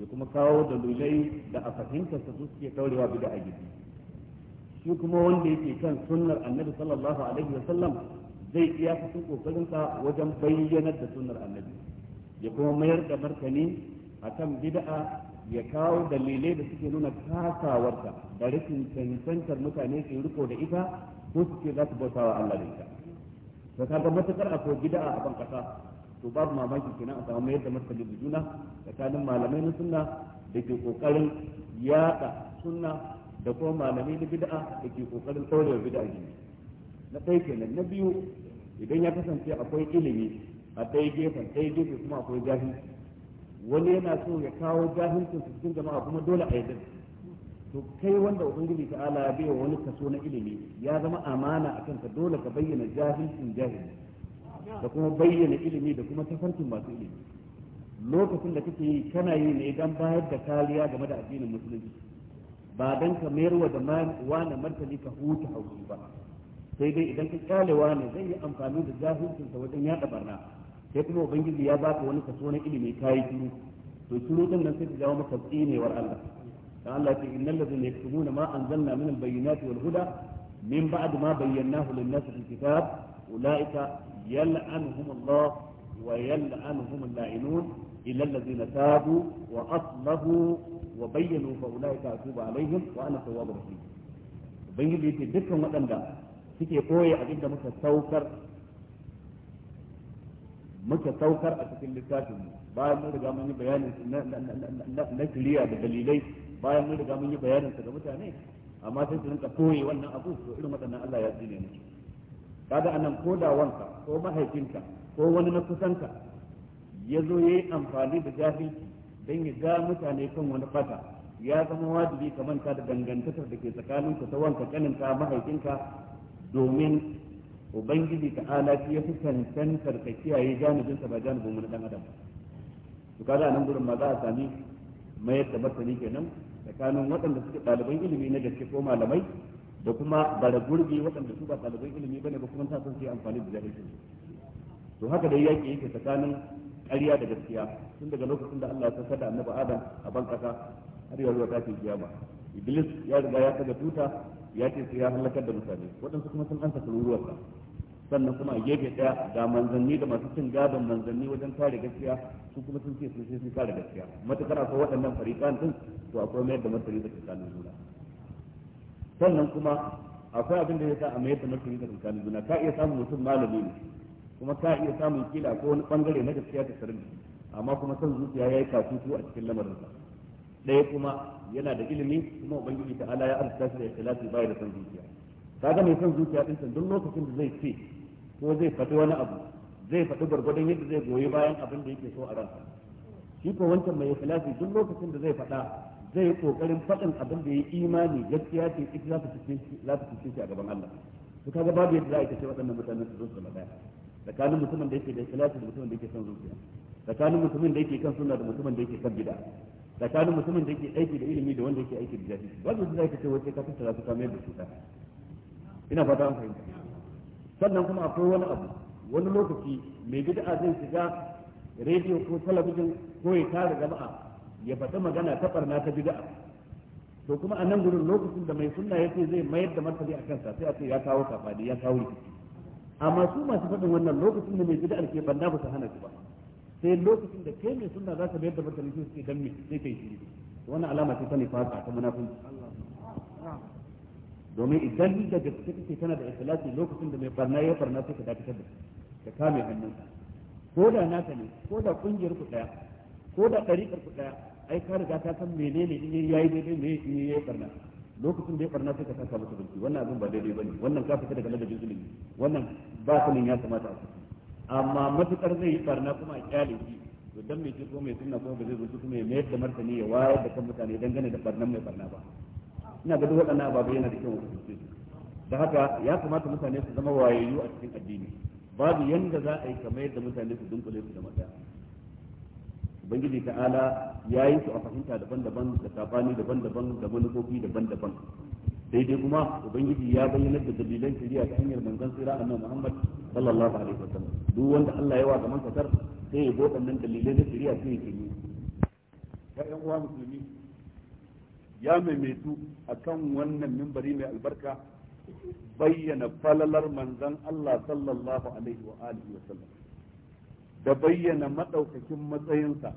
ya kuma kawo da dalilai da a fahimtar su suke daurewa bid'a gidi shi kuma wanda yake kan sunnar annabi sallallahu alaihi wa sallam zai iya fi kokarin sa wajen bayyanar da sunar annabi ya kuma mayar da martani akan bid'a ya kawo dalilai da suke nuna kasawarta da rikin cancantar mutane ke riko da ita ko suke za su bauta Allah da ita ka kaga matakar akwai gida a ban kasa to babu mamaki kenan a samu mayar yadda masali da juna tsakanin malamai na sunna da ke kokarin yada sunna da kuma malamai na bid'a da ke kokarin kaurewa bid'a ne na ɗaya kenan na biyu idan ya kasance akwai ilimi a ɗaya gefen ɗaya gefe kuma akwai jahilci wani yana so ya kawo jahilcin cikin jama'a kuma dole a yadda to kai wanda ubangiji ta ala ya bai wani kaso na ilimi ya zama amana a kanka dole ka bayyana jahilcin jahili da kuma bayyana ilimi da kuma tafarkin masu ilimi lokacin da kake yi kana yi ne dan bayar da kariya game da addinin musulunci ba dan ka mayar wa da wani martani ka huta hauki ba sai dai idan ka kyale ne zai yi amfani da jahilcinsa wajen yaɗa barna sai kuma ubangiji ya baka wani kaso na ilimi kayi shiru to shiru din nan sai ka jawo maka tsinewar Allah Allah ce innal ladhina yaktumuna ma anzalna min al-bayyinati wal huda min ba'd ma bayyanahu lin-nas fil kitab ulaika yal'anuhum Allah wa yal'anuhum al-la'inun illa alladhina tabu wa aslahu wa bayyanu fa ulaika atubu alaihim wa ana tawwabur rahim ubangiji yake dukkan waɗanda suke koyi abin da muka saukar muka saukar a cikin littafin bayan mun riga mun yi bayani na kiriya da dalilai bayan mun riga mun yi bayanin sa ga mutane amma sai su rinka koyi wannan abu to irin waɗannan Allah ya tsine mu kaga anan ko da wanka ko mahaifinka ko wani na kusanka ya zo ya amfani da jahilci don ya ga mutane kan wani fata ya zama wajibi ka manta da dangantakar da ke tsakanin ka ta wanka kaninka mahaifinka domin ubangiji ta ala shi ya fi cancantar ka kiyaye sa ba janibin wani dan adam to kaga gurin ma za a sami mayar da martani kenan tsakanin waɗanda suke ɗaliban ilimi na gaske ko malamai da kuma bara gurbi waɗanda su ba ɗaliban ilimi ba ne ba kuma sun su yi amfani da jahilci to haka dai yake yake tsakanin ƙarya da gaskiya tun daga lokacin da Allah ya sanar annabi Adam a ban kasa har yau ta ce kiyama Iblis ya riga ya saka tuta ya ce sai ya halakar da mutane waɗansu kuma sun ansa ruwarsa sannan kuma a gefe ɗaya ga manzanni da masu cin gadon manzanni wajen kare gaskiya su kuma sun ce sun sai sun kare gaskiya matukar akwai waɗannan fariƙan din to akwai mayar da martani da tsakanin juna sannan kuma akwai abin da ya sa a mayar da martani da tsakanin juna ka iya samun mutum malami ne kuma ka iya samun kila ko wani bangare na gaskiya ta sarari amma kuma son zuciya ya yi kasusu a cikin lamarinsa ɗaya kuma yana da ilimi kuma ubangiji ta ala ya arzika shi da ikhlasi bai da son zuciya kaga mai son zuciya din duk lokacin da zai ce ko zai faɗi wani abu zai faɗi gwargwadon yadda zai goyi bayan abin da yake so a ransa shi ko wancan mai filafi duk lokacin da zai faɗa zai yi kokarin faɗin abin da ya imani gaskiya ce ita za ta fice shi a gaban Allah to kaga babu yadda za a ce waɗannan mutanen su zo su daya tsakanin mutumin da yake da filafi da mutumin da yake son zuciya tsakanin mutumin da yake kan suna da mutumin da yake kan gida tsakanin mutumin da yake aiki da ilimi da wanda yake aiki da jahilci babu yadda za ka ce wace ka tattara su ka mai da su ina fata an fahimta sannan kuma akwai wani abu wani lokaci mai bid'a zai shiga rediyo ko talabijin ko ya tara jama'a ya fata magana ta barna ta bid'a to kuma a nan gurin lokacin da mai sunna yace zai mayar da martani a kansa sai a ce ya kawo kafani ya kawo rikici amma su masu faɗin wannan lokacin da mai bid'a ke banna ba su hana su ba sai lokacin da kai mai sunna za ka mayar da martani sai su ce dan me sai kai shi wannan alama ce ta nifaka ta munafunci domin idan da gaske kake tana da ikhlasi lokacin da mai barna ya barna sai ka dakatar da ka kame ka ko da naka ne ko da kungiyar ku daya ko da ɗariƙar ku daya ai ka riga ka san menene in yayi daidai me in yayi barna lokacin da ya barna sai ka saka masa binci wannan abin ba daidai bane wannan ka fita daga ladabin zulumi wannan ba sanin ya kamata a fita amma matukar zai yi barna kuma a kyale shi to dan mai ko mai sunna ko ba zai zo kuma ya mayar da martani ya wayar da kan mutane dangane da barnan mai barna ba ina ga duk waɗannan ababai yana da kyau sosai da haka ya kamata mutane su zama wayayyu a cikin addini babu yanda za a yi kamar yadda mutane su dunkule su da mata ubangiji ta'ala ya yi su a fahimta daban-daban da sabani daban-daban da manufofi daban-daban sai dai kuma ubangiji ya bayyana da dalilan shari'a ta hanyar manzon sira annabi Muhammad sallallahu alaihi wasallam duk wanda Allah ya wa gaman kasar sai ya bo nan dalilai na shari'a sai ya yi ya ƴan uwa musulmi ya maimaitu a kan wannan mimbari mai albarka bayyana falalar manzan Allah sallallahu alaihi wa alihi wa sallam da bayyana madaukakin matsayinsa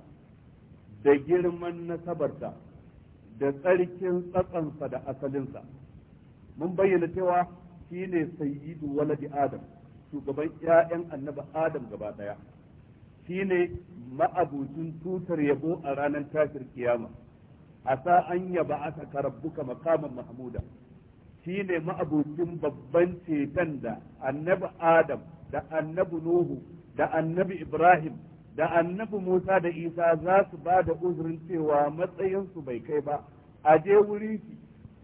da girman nasabarsa da tsarkin tsatsansa da asalinsa mun bayyana cewa shi ne sayyidu waladi adam shugaban 'ya'yan annaba adam gaba daya shi ne ma'abucin tutar yabo a ranar tashir kiyama a asa an ya ba'asa ka makaman maqaman mahmuda ne ma'abokin babban ceton da annabi adam da annabi nuhu da annabi ibrahim da annabi musa da isa za su ba da uzurin cewa matsayinsu bai kai ba a je wuri shi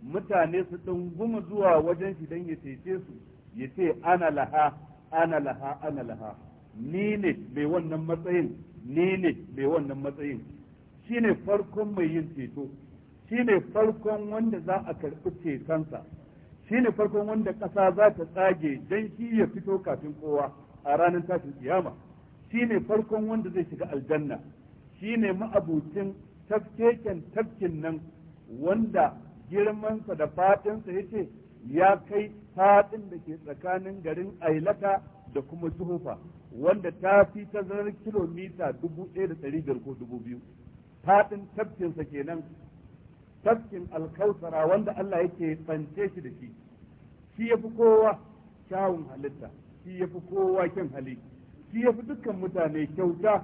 mutane su guma zuwa wajen shi don ya cece su ya ce ana laha ana laha ana laha ni ne mai wannan matsayin ni ne mai wannan matsayin shine farkon mai yin ceto shine farkon wanda za a karɓi cetonsa shine farkon wanda ƙasa za ta tsage don shi ya fito kafin kowa a ranar tashin kiyama shine farkon wanda zai shiga aljanna shine ma'abucin tafkeken tafkin nan wanda girmansa da faɗinsa ya ce ya kai faɗin da ke tsakanin garin ailata da kuma zuhufa wanda ta fi ta tazarar kilomita dubu ɗaya da ɗari biyar ko dubu biyu faɗin tafkinsa kenan tafkin alkausara wanda Allah yake tsance shi da shi shi yafi fi kowa kyawun halitta shi ya fi kowa kyan hali shi yafi fi dukkan mutane kyauta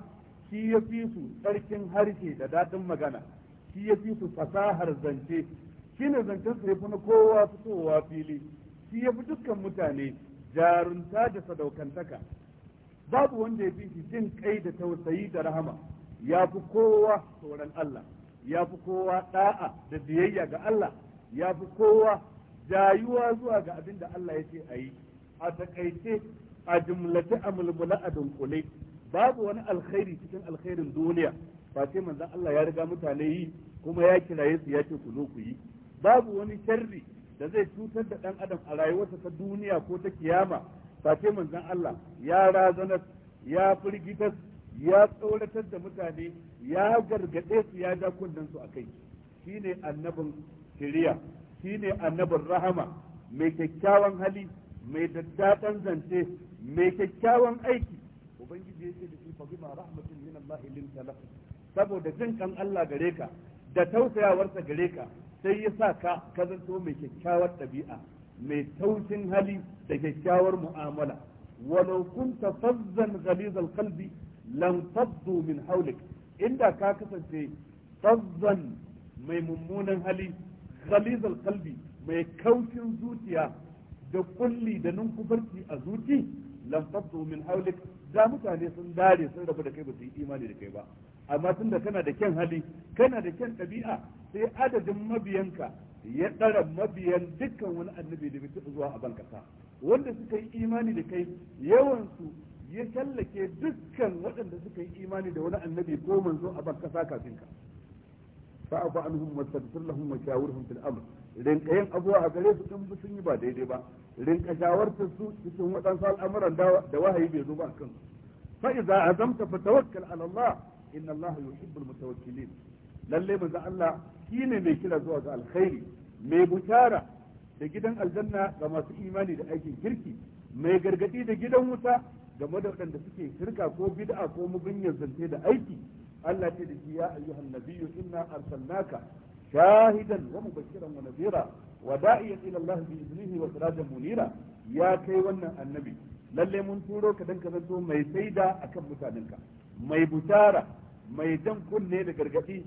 shi ya su tsarkin harshe da daɗin magana shi ya su fasahar zance shi ne zancensa ya fi na kowa fitowa fili shi yafi fi dukkan mutane jarunta da sadaukantaka babu wanda ya fi jin kai da tausayi da rahama ya fi kowa tsoron Allah ya fi kowa da'a da biyayya ga Allah ya fi kowa jayuwa zuwa ga abin da Allah ya ce a yi a takaice a jumlace a mulmula a dunkule babu wani alkhairi cikin alkhairin duniya ba ce manzan Allah ya riga mutane yi kuma ya kiraye su ya ce ku zo ku yi babu wani sharri da zai cutar da dan adam a rayuwarsa ta duniya ko ta kiyama ba ce manzan Allah ya razanar ya firgitar ya tsoratar da mutane ya gargaɗe su ya ja kunnen su akai shine annabin shari'a shine annabin rahama mai kyakkyawan hali mai daddaɗan zance mai kyakkyawan aiki ubangiji yake da shi fa bima rahmatin min Allah lin talaq saboda jin kan Allah gare ka da tausayawar sa gare ka sai ya sa ka ka zanto mai kyakkyawar ɗabi'a mai taushin hali da kyakkyawar mu'amala walau kunta fazzan ghalizal qalbi lan faddu min haulik inda ka kasance tsazzan mai mummunan hali ghalizal qalbi mai kaucin zuciya da kulli da ninkufarci a zuci lan faddu min haulik da mutane sun dare sun rabu da kai ba su yi imani da kai ba amma da kana da kyan hali kana da kyan ɗabi'a sai adadin mabiyanka ya ɗara mabiyan dukkan wani annabi da bai zuwa a bankasa wanda suka yi imani da kai yawansu ya tallake dukkan waɗanda suka yi imani da wani annabi ko manzo a bar kasa kafin ka fa'afu anhum wastaghfir lahum wa shawirhum fil amr rinka yin abuwa a gare su in sun yi ba daidai ba rinka shawartar su cikin waɗansu al'amuran da wahayi bai zo ba kan fa idza azamta fatawakkal ala Allah inna Allah yuhibbul mutawakkilin lalle manzo Allah shine mai kira zuwa ga alkhairi mai butara da gidan aljanna ga masu imani da aikin kirki mai gargadi da gidan wuta game da waɗanda suke shirka ko bid'a ko mugunyar zance da aiki Allah ce da shi ya ayyuhan nabiyyu inna arsalnaka shahidan wa mubashiran wa nadhira wa da'iyan ila Allah bi iznihi wa sirajan munira ya kai wannan annabi lalle mun turo ka dan ka zanto mai saida akan mutanenka mai butara mai dan kunne da gargadi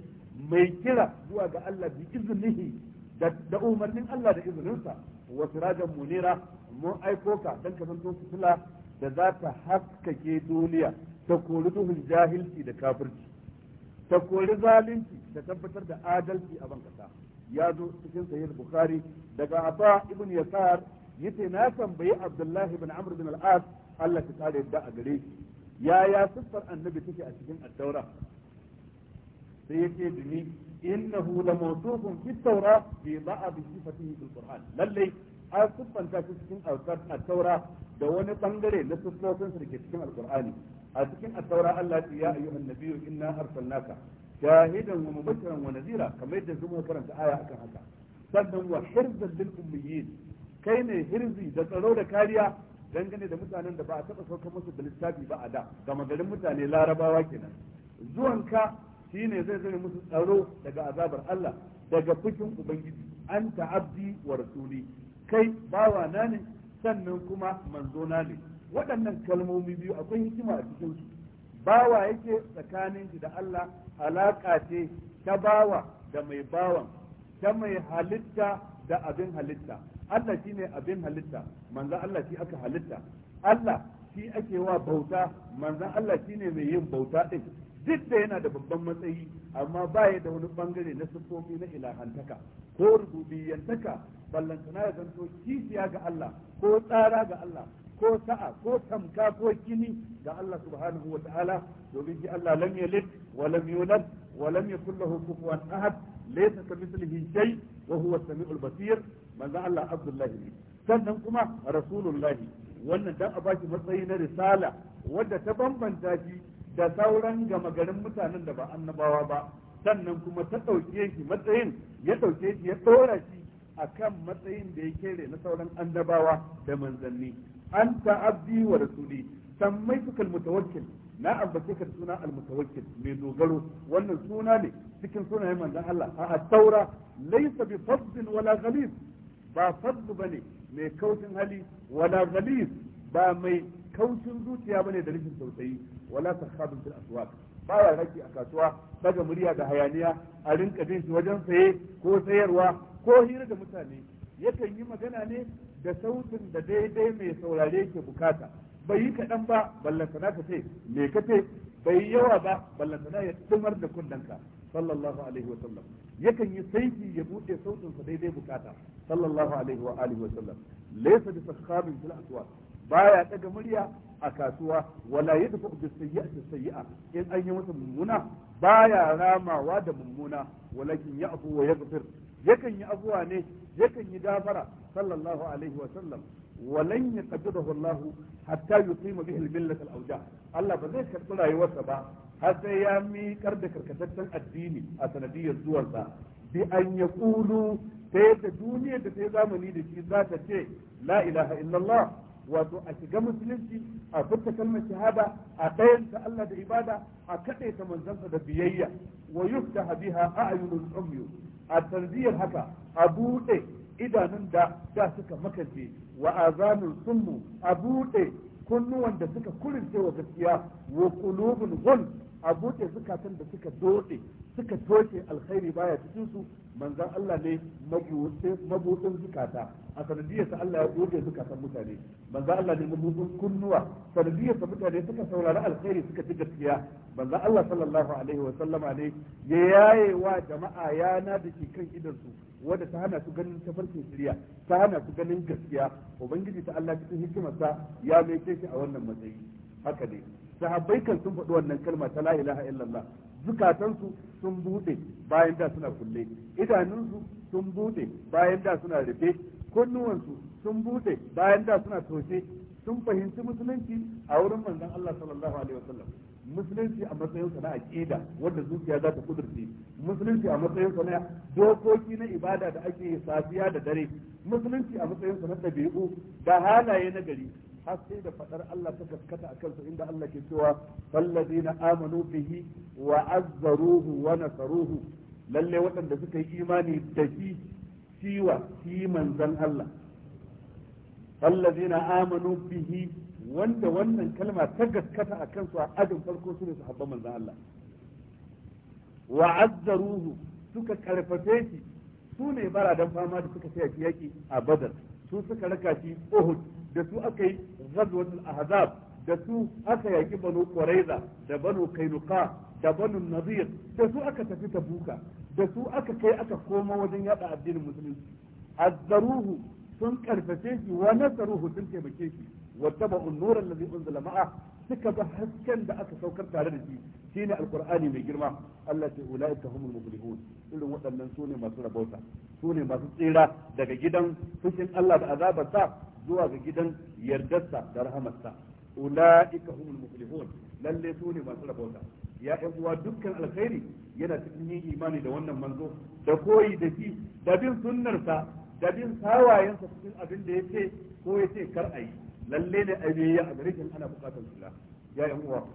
mai kira zuwa ga Allah bi iznihi da umarnin Allah da izininsa wa sirajan munira mun aiko ka dan ka zanto fitila da za ta haskake duniya ta kori duhun jahilci da kafirci ta kori zalunci ta tabbatar da adalci a ban kasa ya zo cikin sahih bukhari daga aba ibn yasar yace na tambayi abdullahi ibn amr bin al-as Allah ta kare da a gare shi ya siffar annabi take a cikin addaura sai yake dini innahu la mawsufun fi tawra bi ba'd sifatihi fil qur'an lalle a siffanta su cikin al-taura da wani bangare na siffofin su dake cikin alkur'ani a cikin al-taura Allah ya ayyuhan nabiyyu inna arsalnaka shahidan wa mubashiran wa nadhira kamar yadda zuwa karanta aya akan haka sannan wa hirzan lil ummiyin kai ne hirzi da tsaro da kariya dangane da mutanen da ba a taba saukar musu da littafi ba a da gama garin mutane larabawa kenan zuwanka shine zai zai musu tsaro daga azabar Allah daga fushin ubangiji anta abdi wa rasuli kai bawa na ne sannan kuma manzo na ne waɗannan kalmomi biyu akwai hikima a cikin su bawa yake tsakanin shi da Allah alaka ce ta bawa da mai bawan ta mai halitta da abin halitta Allah shine abin halitta manzo Allah shi aka halitta Allah shi ake wa bauta manzo Allah shi ne mai yin bauta din duk da yana da babban matsayi amma ba ya da wani bangare na siffofi na ilahantaka ko rububiyantaka ballantana ya zanto kisiya ga Allah ko tsara ga Allah ko sa'a ko tamka ko kini ga Allah subhanahu wa ta'ala domin shi Allah lam yalid wa lam yulad wa lam yakul lahu kufuwan ahad laysa kamithlihi shay wa huwa as-sami'ul basir manzo Allah Abdullahi sannan kuma rasulullahi wannan dan a baki matsayi na risala wadda ta bambanta shi da sauran gama garin mutanen da ba annabawa ba sannan kuma ta ɗauke shi matsayin ya ɗauke shi ya ɗora shi akan matsayin da ya kere na sauran annabawa da manzanni an ta'abdi wa rasuli sammai suka mutawakkil na ambace ka suna almutawakkil mai dogaro wannan suna ne cikin sunayen manzon Allah a taura laysa bi fadl wala ghalib ba fadl bane mai kautin hali wala ghalib ba mai kaucin zuciya bane da rashin tausayi wala takhabun fil aswaq baya raki a kasuwa daga murya da hayaniya a rinka jin shi wajen saye ko sayarwa ko hira da mutane yakan yi magana ne da sautin da daidai mai saurare ke bukata bai yi kaɗan ba ballantana ka ce me ka ce bai yi yawa ba ballantana ya tumar da kundanka sallallahu alaihi wa sallam yakan yi saiti ya buɗe sautin sa daidai bukata sallallahu alaihi wa alihi wa sallam laysa bi sakhabin fil baya daga murya a kasuwa wala yadfa bi sayyi'ati sayyi'a in an yi masa mummuna baya ramawa da mummuna walakin ya'fu wa yaghfir yakan yi abuwa ne yakan yi gafara sallallahu alaihi wa sallam walan yaqbidahu Allah hatta yuqima bihi al-millat al-awja Allah ba zai karɓi rayuwarsa ba har sai ya miƙar da karkataccen addini a sanadiyar zuwarsa bi an yaqulu ta yadda duniyar da ta zamani da shi za ta ce la ilaha illallah wato a shiga musulunci a furta kalmar shahada a ɗayanta Allah da ibada a kaɗaita manzansa da biyayya wa yuftaha biha a'yunul ummi a tarbiyyar haka a buɗe idanun da da suka makance wa azanul sunmu a buɗe kunnuwan da suka kurince wa gaskiya wa qulubul ghul a buɗe zukatan da suka dode suka toke alkhairi baya cikin su manzan Allah ne mabudin zukata a sanadiyarsa Allah ya goge zukatan mutane manzan Allah ne mabudin kunnuwa sanadiyarsa mutane suka saurari alkhairi suka ci gaskiya manzan Allah sallallahu alaihi wa sallama ne ya yaye wa jama'a yana da ke kan su wanda ta hana su ganin tafarkin shirya ta hana su ganin gaskiya ubangiji ta Allah cikin hikimarsa ya mai shi a wannan matsayi haka ne sahabbai kan sun faɗi wannan kalma ta la ilaha illallah zukatansu sun bude bayan da suna kulle idanunsu sun bude bayan da suna rufe kunnuwansu sun bude bayan da suna toshe sun fahimci musulunci a wurin manzon Allah sallallahu alaihi wasallam musulunci a matsayinsa na aqida wanda zuciya za ta kudurce musulunci a matsayinsa na dokoki na ibada da ake safiya da dare musulunci a matsayinsa na dabi'u da halaye na gari har sai da fadar Allah ta gaskata akan su inda Allah ke cewa wallazina amanu bihi wa azzaruhu wa nasaruhu lalle waɗanda suka yi imani da shi siwa shi manzon Allah wallazina amanu bihi wanda wannan kalma ta gaskata akan su a ajin farko su ne sahabban manzon Allah wa azzaruhu suka karfafe shi su ne dan fama da suka sai yaki a badar su suka raka shi uhud da su aka yi ghazwatul ahzab da su aka yaki banu quraiza da banu kainuka da banu nadir da su aka tafi tabuka da su aka kai aka koma wajen yada addinin musulunci azzaruhu sun karfafe shi wa nasaruhu sun taimake shi wattaba'u an-nura alladhi unzila ma'a suka bi hasken da aka saukar tare da shi shine alqur'ani mai girma Allah ce ulaika humul irin waɗannan su ne masu rabauta su ne masu tsira daga gidan fushin Allah da azabarsa zuwa ga gidan yardarsa da rahamarsa ulaika humul muflihun lalle su ne masu rabauta ya ɗan uwa dukkan alkhairi yana cikin yin imani da wannan manzo da koyi da shi da bin sunnarsa da bin sawayensa cikin abin da ya ce ko ya ce kar a yi lalle ne a biyayya a gare ana bukatar kula ya ɗan uwa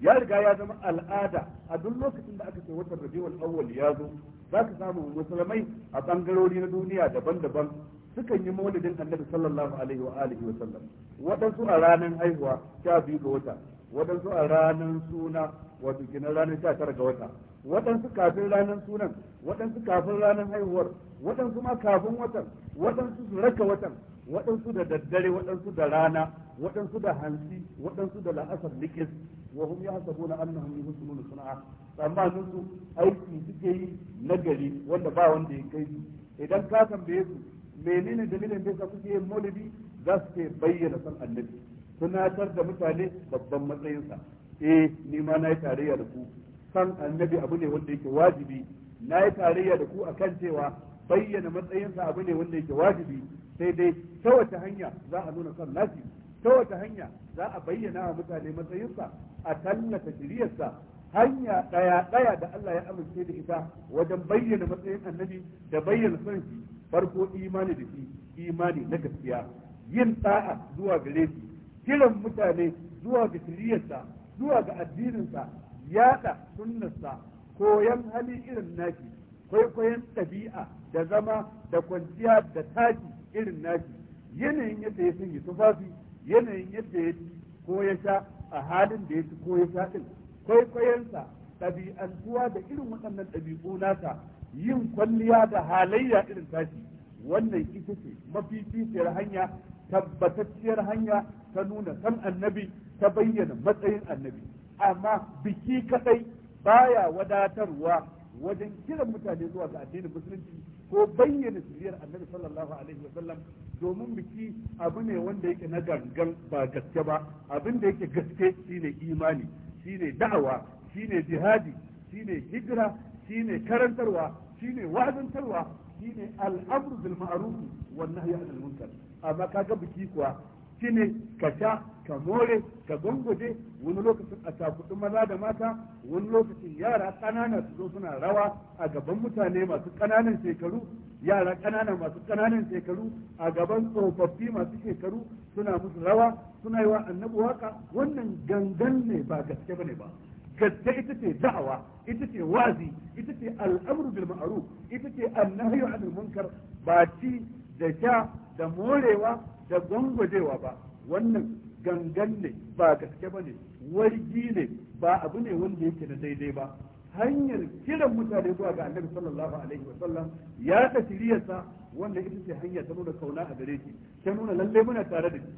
ya riga ya zama al'ada a duk lokacin da aka ce watan rabiul awwal ya zo za ka samu musulmai a bangarori na duniya daban-daban sukan yi maulidin annabi sallallahu alaihi wa alihi wa sallam waɗansu a ranar haihuwa sha biyu ga wata waɗansu a ranar suna wato kinan ranar sha tara ga wata waɗansu kafin ranar sunan waɗansu kafin ranar haihuwar waɗansu ma kafin watan waɗansu su raka watan waɗansu da daddare waɗansu da rana waɗansu da hansi waɗansu da la'asar likis wa hum yahsabuna annahum yuhsinuna sun'a tsammanin su aiki suke yi nagari wanda ba wanda ya kai su idan ka tambaye su menene dalilin da yasa kuke yin maulidi za su ke bayyana san annabi tunatar da mutane babban matsayinsa eh ni ma na yi tarayya da ku san annabi abu ne wanda yake wajibi na yi tarayya da ku akan cewa bayyana matsayinsa abu ne wanda yake wajibi sai dai ta wata hanya za a nuna son nasi ta wata hanya za a bayyana wa mutane matsayinsa a tallata shiriyarsa hanya ɗaya ɗaya da Allah ya amince da ita wajen bayyana matsayin annabi da bayyana son shi farko imani da shi imani na gaskiya yin sa'a zuwa gare shi kiran mutane zuwa ga shiryarsa zuwa ga addininsa yada sunnarsa koyan hali irin nashi kwaikwayon ɗabi'a da zama da kwanciya da taki irin nashi yanayin yadda ya sanya tufafi yanayin yadda ya ci ko ya sha a halin da ya ci ko ya sha din kwaikwayonsa ɗabi'antuwa da irin waɗannan ɗabi'u nasa yin kwalliya da halayya irin tashi wannan ita ce mafificiyar hanya tabbatacciyar hanya ta nuna san annabi ta bayyana matsayin annabi amma biki kadai baya wadatarwa wajen kiran mutane zuwa ga addinin musulunci ko bayyana siriyar annabi sallallahu alaihi wa sallam domin biki abu ne wanda yake na gangan ba gaske ba abin da yake gaske shine imani shine da'awa shine jihadi shine hijira shine karantarwa shine wazantarwa shine al'amru bil ma'ruf wan nahyi anil munkar amma kaga biki kuwa shine ka sha ka more ka gunguje wani lokacin a takudu maza da mata wani lokacin yara ƙanana su zo suna rawa a gaban mutane masu ƙananan shekaru yara ƙanana masu ƙananan shekaru a gaban tsofaffi masu shekaru suna musu rawa suna yi wa annabu waka wannan gangan ne ba gaske ne ba gaske ita ce da'awa ita ce wazi ita ce al'amru bil ma'ruf ita ce annahyu anil munkar ba ci da sha da morewa da gwangwajewa ba wannan gangan ne ba gaske ba ne wargi ne ba abu ne wanda yake na daidai ba hanyar kiran mutane zuwa ga annabi sallallahu alaihi wa sallam ya tasiriyarsa wanda ita ce hanya ta nuna kauna a gare shi ta nuna lalle muna tare da shi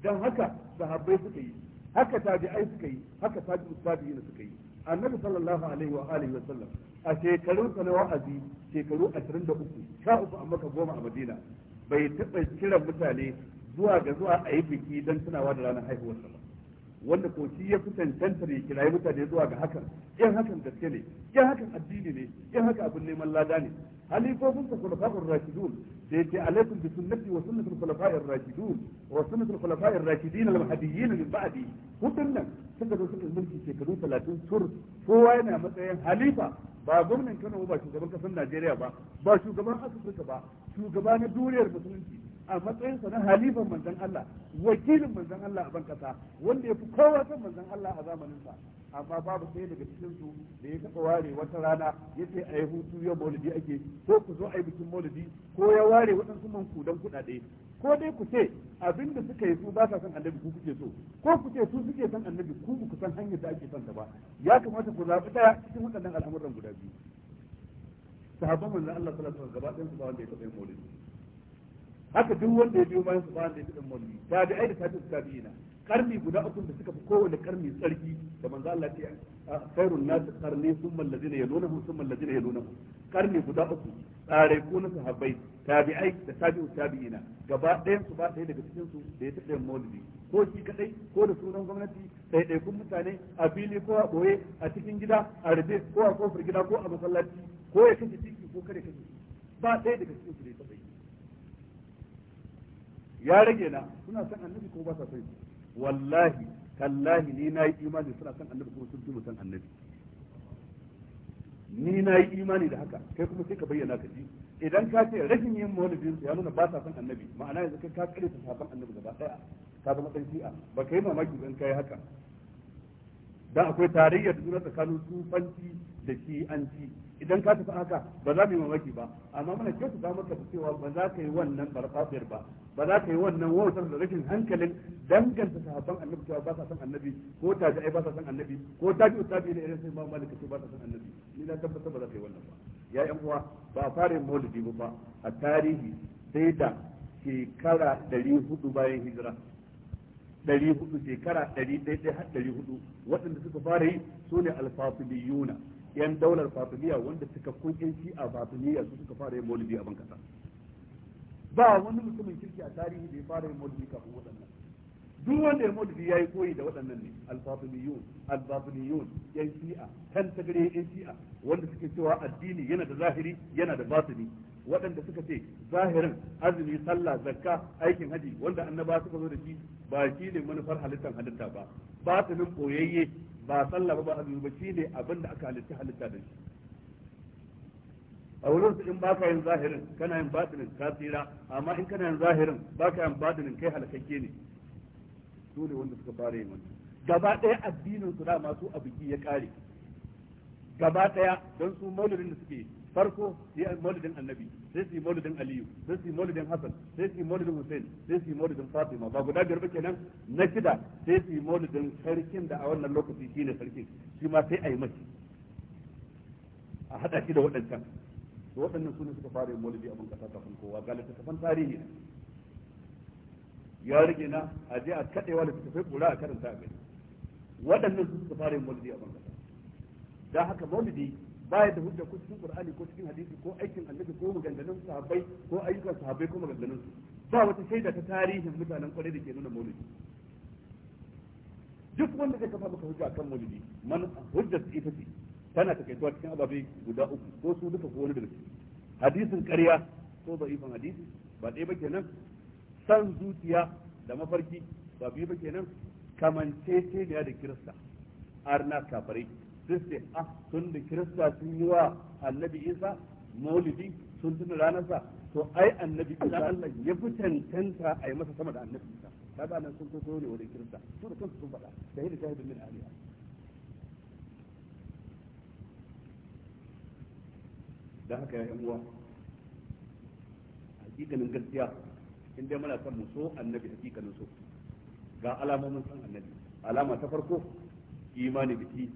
dan haka sahabbai suka yi haka tabi'ai suka yi haka tabi'u tabi'ina suka yi annabi sallallahu alaihi wa alihi wa sallam a shekarunsa na wa'azi shekaru 23 sha uku a maka goma a madina bai taɓa kiran mutane zuwa ga zuwa a yi biki don tunawa da ranar haihuwarsa ba wanda ko shi ya fi cancantar ya kirayi mutane zuwa ga hakan yan hakan gaske ne yan hakan addini ne yan haka abin neman lada ne halifofin sa khulafa'ur rashidun da yake alaikum bi sunnati wa sunnatul khulafa'ir rashidun wa sunnatul khulafa'ir rashidin al-mahdiyyin min ba'di hudun nan suka zo suka mulki shekaru 30 tur kowa yana matsayin halifa ba gwamnan Kano ba shugaban kasar Najeriya ba ba shugaban Afirka ba shugaba na duniyar musulunci a matsayinsa na halifan manzan Allah wakilin manzan Allah a bankasa wanda ya fi kowa san manzon Allah a zamanin sa amma babu sai daga cikin su da ya taɓa ware wata rana ya ce a yi hutu yau maulidi ake ko ku zo a yi bikin maulidi ko ya ware waɗansu man kudan kuɗaɗe ko dai ku ce abin da suka yi su ba sa san annabi ku kuke so ko ku ce su suke son annabi ku ku san hanyar da ake son ta ba ya kamata ku zaɓi ɗaya cikin waɗannan al'amuran guda biyu sahabban manzon Allah sallallahu alaihi wasallam gaba ɗayan su ba wanda ya taɓa yin maulidi haka duk wanda ya biyo bayan su ba wanda ya taɓa yin maulidi tabi'ai da tabi'u tabi'ina karni guda uku da suka fi kowane karni tsarki da manzo Allah ya ce khairun nas qarni thumma alladhina yalunuhum thumma alladhina yalunuhum karni guda uku tsare ku na sahabbai tabi'ai da tabi'u tabi'ina gaba ɗayan su ba ɗaya daga cikin su da ya taɓa maulidi ko shi kadai ko da sunan gwamnati kun mutane a fili ko a ɓoye a cikin gida a rufe ko a kofar gida ko a masallaci ko ya kashe ciki ko kare kashe ciki ba ɗaya daga cikin su da ya taɓa ya rage na suna san annabi ko ba sa san wallahi tallahi ni na yi imani suna san annabi kuma sun fi mutan annabi ni na yi imani da haka kai kuma sai ka bayyana ka ji idan ka ce rashin yin maulidin ya nuna ba sa son annabi ma'ana yanzu kai ka kare ta sabon annabi gaba daya ka zama dan shi'a ba kai mamaki ka kai haka dan akwai tarayyar da tsakanin sufanci da shi an ci idan ka tafi haka ba za mu yi mamaki ba amma muna kyautata maka da cewa ba za ka yi wannan barfafiyar ba ba za ka yi wannan wautar da rashin hankalin danganta sahabban annabi cewa ba sa san annabi ko ai ba sa san annabi ko ta tabi'u tabi'i ne irin sai ma malika ce ba sa san annabi ni na tabbata ba za ka yi wannan ba ya yan uwa ba fara yin maulidi ba a tarihi sai da shekara dari hudu bayan hijira dari hudu shekara dari daidai har dari hudu waɗanda suka fara yi su ne alfafiliyuna yan daular fatimiya wanda suka cikakkun yan shi'a fatimiya su suka fara yin maulidi a bankasa ba wani mutumin kirki a tarihi da ya fara yin maulidi kafin waɗannan duk wanda ya maulidi ya yi koyi da waɗannan ne alfatimiyun alfatimiyun yan shi'a kan tagare yan shi'a wanda suke cewa addini yana da zahiri yana da batini waɗanda suka ce zahirin azumi sallah zakka aikin haji wanda annaba suka zo da shi ba shi ne manufar halittar halitta ba batinin boyayye ba sallah ba ba azumi ba shine abin da aka halitta halitta da shi a wurin su in baka yin zahirin kana yin batinin ka tsira amma in kana yin zahirin baka yin batinin kai halakakke ne su ne wanda suka fara yin wannan gaba ɗaya addinin su da masu a ya kare gaba ɗaya don su maulidin da suke farko su yi maulidin annabi sai su yi maulidin aliyu sai su yi maulidin hasan sai su yi maulidin hussein sai su yi maulidin fatima ba guda biyar ba kenan na shida sai su yi maulidin sarkin da a wannan lokaci shi ne sarkin shi ma sai a yi mashi a haɗa shi da waɗancan to waɗannan su ne suka fara yin maulidi a mun kasa kafin kowa ga littattafan tarihi ya rage na a je a kaɗewa littattafai ƙura a karanta a gani waɗannan su suka fara yin maulidi a mun kasa don haka maulidi baya da hujja ko cikin qur'ani ko cikin hadisi ko aikin annabi ko maganganun sahabbai ko ayyukan sahabbai ko maganganun su ba wata shaida ta tarihin mutanen kwarai da ke nuna maulidi duk wanda zai kafa maka hujja akan maulidi man hujjar ita ce tana takaituwa cikin ababe guda uku ko su duka ko wani da su hadisin ƙarya ko da'ifan hadisi ba ɗaya ba kenan san zuciya da mafarki ba biyu ba kenan kamance ne da kirista arna kafarai sai su ah tun da kirista sun yi wa annabi isa maulidi sun tuna ranarsa to ai annabi isa Allah ya fi tantanta a yi masa sama da annabi isa kaga nan sun koyo ne wurin kirista su da kansu sun faɗa shahidu shahidun min aliya da haka ya yan uwa hakikanin gaskiya in dai muna son mu so annabi hakikanin so ga alamomin san annabi alama ta farko imani biki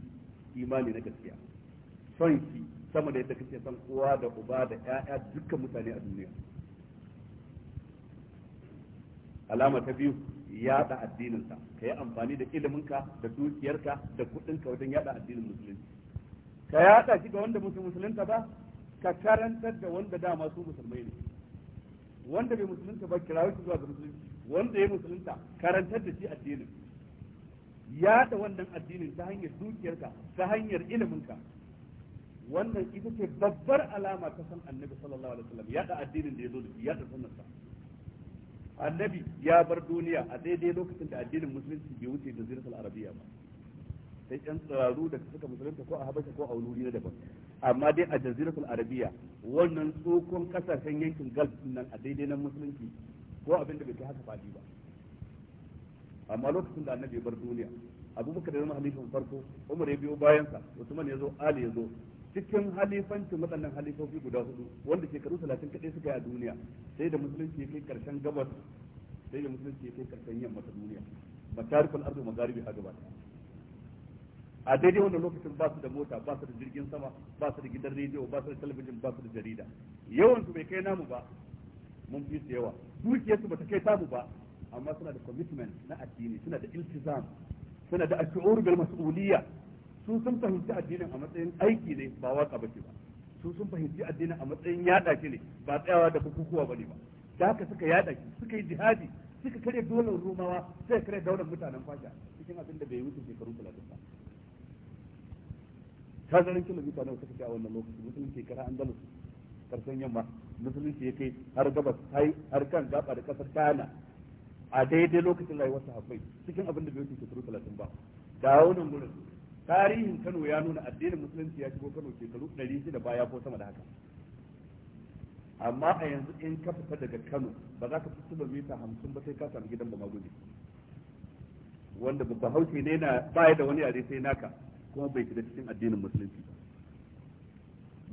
imani na gaskiya son shi sama da yadda kake son kowa da uba da ƴaƴa dukkan mutane a duniya alama ta biyu yada addininsa ka yi amfani da iliminka da dukiyarka da kuɗinka wajen yada addinin musulunci ka yada shi ga wanda musulunta ba ka karantar da wanda dama su musulmai ne wanda bai musulunta ba kirawo shi zuwa ga musulunci wanda ya musulunta karantar da shi addinin yada wannan addinin ta hanyar dukiyarka ta hanyar iliminka wannan ita ce babbar alama ta san annabi sallallahu alaihi wasallam yada addinin da ya zo da shi yada sa annabi ya bar duniya a daidai lokacin da addinin musulunci bai wuce da zirkul arabiya ba sai yan tsiraru da suka musulunta ko a habasha ko a wuri na daban amma dai a jaziratul arabiya wannan tsokon kasashen yankin gulf nan a daidai nan musulunci ko abin da bai kai haka fadi ba amma lokacin da annabi bar duniya abubakar ya zama halifan farko umar ya biyo bayansa usman ya zo ali ya zo cikin halifancin waɗannan halifofi guda hudu wanda shekaru talatin kaɗai suka yi a duniya sai da musulunci ya kai karshen gabas sai da musulunci ya kai karshen yamma ta duniya masharikul ardu magharibi ha gaba a daidai wannan lokacin ba su da mota ba su da jirgin sama ba su da gidan rediyo ba su da talabijin ba su da jarida yawan su bai kai namu ba mun fi su yawa dukiyar su bata kai tamu ba amma suna da commitment na addini suna da iltizam suna da ash'ur bil mas'uliyya su sun fahimci addinin a matsayin aiki ne ba waka bace ba su sun fahimci addinin a matsayin yada shi ne ba tsayawa da bukukuwa bane ba da haka suka yada shi suka yi jihadi suka kare dolar rumawa sai kare daular mutanen fasha cikin abin da bai wuce shekaru 30 ba tazarin kilomita nawa suka ci a wannan lokaci musulunci kara andalus karshen yamma musulunci ya kai har gabas har kan gaba da kasar china a daidai lokacin rayuwar sahabbai cikin abin da bai wuce shekaru talatin ba dawo wannan gurin tarihin Kano ya nuna addinin musulunci ya shigo Kano shekaru ɗari shida baya ko sama da haka amma a yanzu in ka fita daga Kano ba za ka fi mita hamsin ba sai ka samu gidan Bamagoji wanda babba haushi ne na baya da wani yare sai naka kuma bai shiga cikin addinin musulunci ba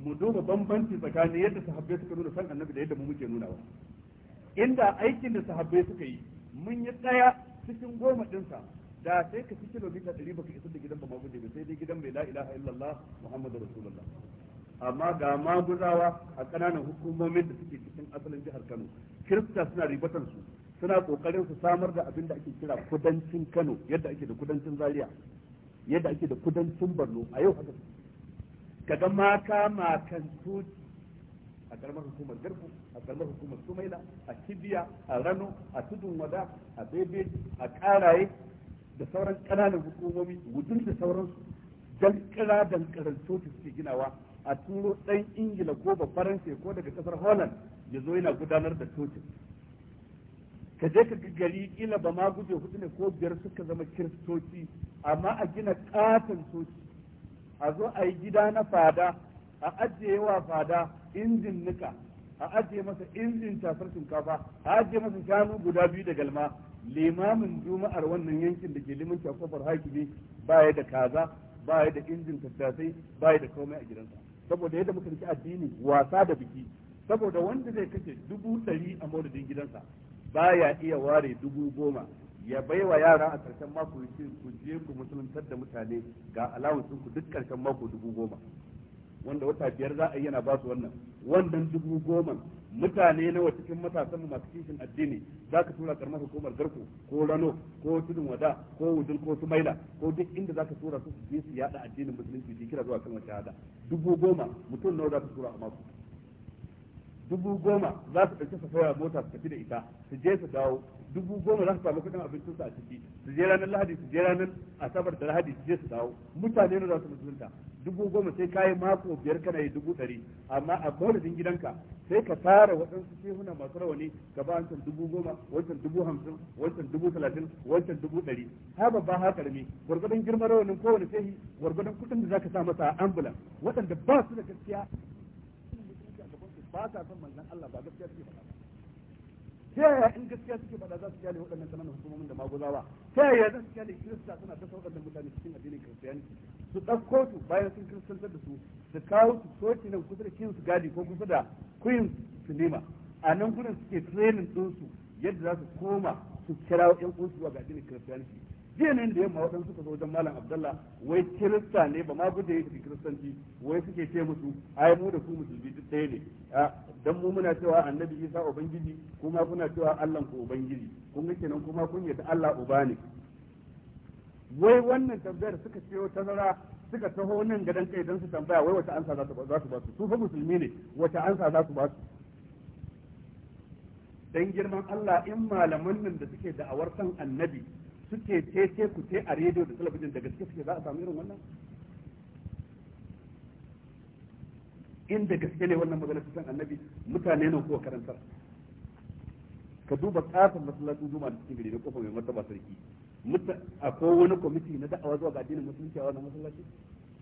mu duba bambanci tsakanin yadda sahabbai suka nuna san annabi da yadda mu muke nunawa inda aikin da sahabbai suka yi mun yi tsaya cikin goma ɗinsa da sai ka fi kilomita ɗari baka isa da gidan ba maguje sai dai gidan mai la'ilaha illallah muhammadu rasulullah amma ga maguzawa a ƙananan hukumomin da suke cikin asalin jihar kano kirista suna ribatan su suna ƙoƙarin su samar da abin da ake kira kudancin kano yadda ake da kudancin zaria yadda ake da kudancin borno a yau haka ka ga mata makan karamar hukumar garbu a karamar hukumar sumaila a kibiya a rano a tudun wada a bebe a karaye da sauran ƙananan hukumomi wudun da sauran dankara dankaran coci suke ginawa a turo ɗan ingila ko ba faransa ko daga kasar holland ya zo yana gudanar da coci. ka je ka gari kila ba ma guje hudu ne ko biyar suka zama kiristoci amma a gina katon coci a zo a yi gida na fada a ajiye wa fada injin nika a ajiye masa injin tafar shinkafa a ajiye masa shanu guda biyu da galma limamin juma'ar wannan yankin da ke liman kofar hakimi baya da kaza baya da injin tattasai baya da komai a gidansa saboda yadda muka rike addini wasa da biki saboda wanda zai kashe dubu ɗari a maudadin gidansa baya iya ware dubu goma ya baiwa yara a ƙarshen mako ya ce ku je ku musuluntar da mutane ga alawansu ku duk ƙarshen mako dubu goma wanda wata biyar za a yi yana ba su wannan wannan dubu goma mutane nawa cikin matasan masu kishin addini za ka tura karamar hukumar garko ko rano ko tudun wada ko wudin ko sumaila ko duk inda za ka tura su su je su yada addinin musulunci su kira zuwa wata shahada dubu goma mutum nawa za ka tura a mako dubu goma za su ɗauki safaya mota su tafi da ita su je su dawo dubu goma za su samu kuɗin abincin su a ciki su je ranar lahadi su je ranar asabar da lahadi su je su dawo mutane ne za su musulunta dubu goma sai kayi mako biyar kana yi dubu ɗari amma a maulidin gidanka sai ka tara waɗansu shehuna masu rawani ka ba wancan dubu goma wancan dubu hamsin wancan dubu talatin wancan dubu ɗari ha ba haka ne gwargwadon girma rawanin kowane shehi gwargwadon kuɗin da zaka sa masa a ambulan waɗanda ba su da gaskiya ba sa son manzan Allah ba gaskiya suke faɗa ta yaya in gaskiya suke faɗa za su kyale waɗannan kananan hukumomin da maguzawa ta yaya za su kyale kirista suna ta waɗannan mutane cikin addinin kiristiyanci su ɗauko su bayan sun kiristantar da su su kawo su soci nan kusa da su gadi ko kusa da kuyin sinima a nan gudun suke training ɗinsu yadda za su koma su kira yan uwansu zuwa ga addinin jiya ne da yamma waɗansu suka zo wajen malam abdallah wai kirista ne ba ma guje da kiristanci wai suke ce musu ai mu da ku musulmi duk ɗaya ne dan mu muna cewa annabi isa ubangiji kuma kuna cewa allah ku ubangiji kun ga kenan kuma kun yadda allah uba ne wai wannan tambayar suka ciyo tazara suka taho nan gadan kai don su tambaya wai wata ansa za su ba su su fa musulmi ne wata ansa za su ba su dan girman Allah in malaman nan da suke da'awar kan annabi suke tece ku ce a rediyo da talabijin da gaske suke za a samu irin wannan inda gaske ne wannan magana ta san annabi mutane nan kuwa karantar ka duba kafin masallacin zuma da cikin gari na kofa mai martaba sarki akwai wani kwamiti na da'awa zuwa ga addinin musulunci a wannan masallaci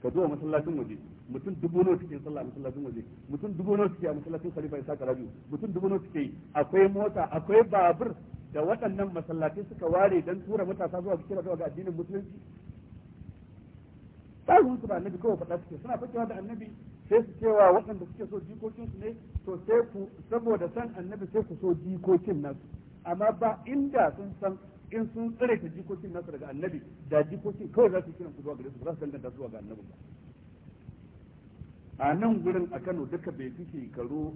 ka zuwa masallacin waje mutum dubu nawa suke sallah a masallacin waje mutum dubu nawa suke a masallacin khalifa isa karabiyu mutum dubu nawa suke akwai mota akwai babur da waɗannan masallatai suka ware don tura matasa zuwa kira zuwa ga addinin musulunci tsarin su ba annabi kawai faɗa suke suna fakewa da annabi sai su cewa waɗanda suke so jikokinsu ne to sai ku saboda san annabi sai ku so jikokin nasu amma ba inda sun san in sun tsare ta jikokin nasu daga annabi da jikokin kawai za su kiran ku zuwa gare su ba za su danganta zuwa ga annabi ba a nan gurin a Kano duka bai fi shekaru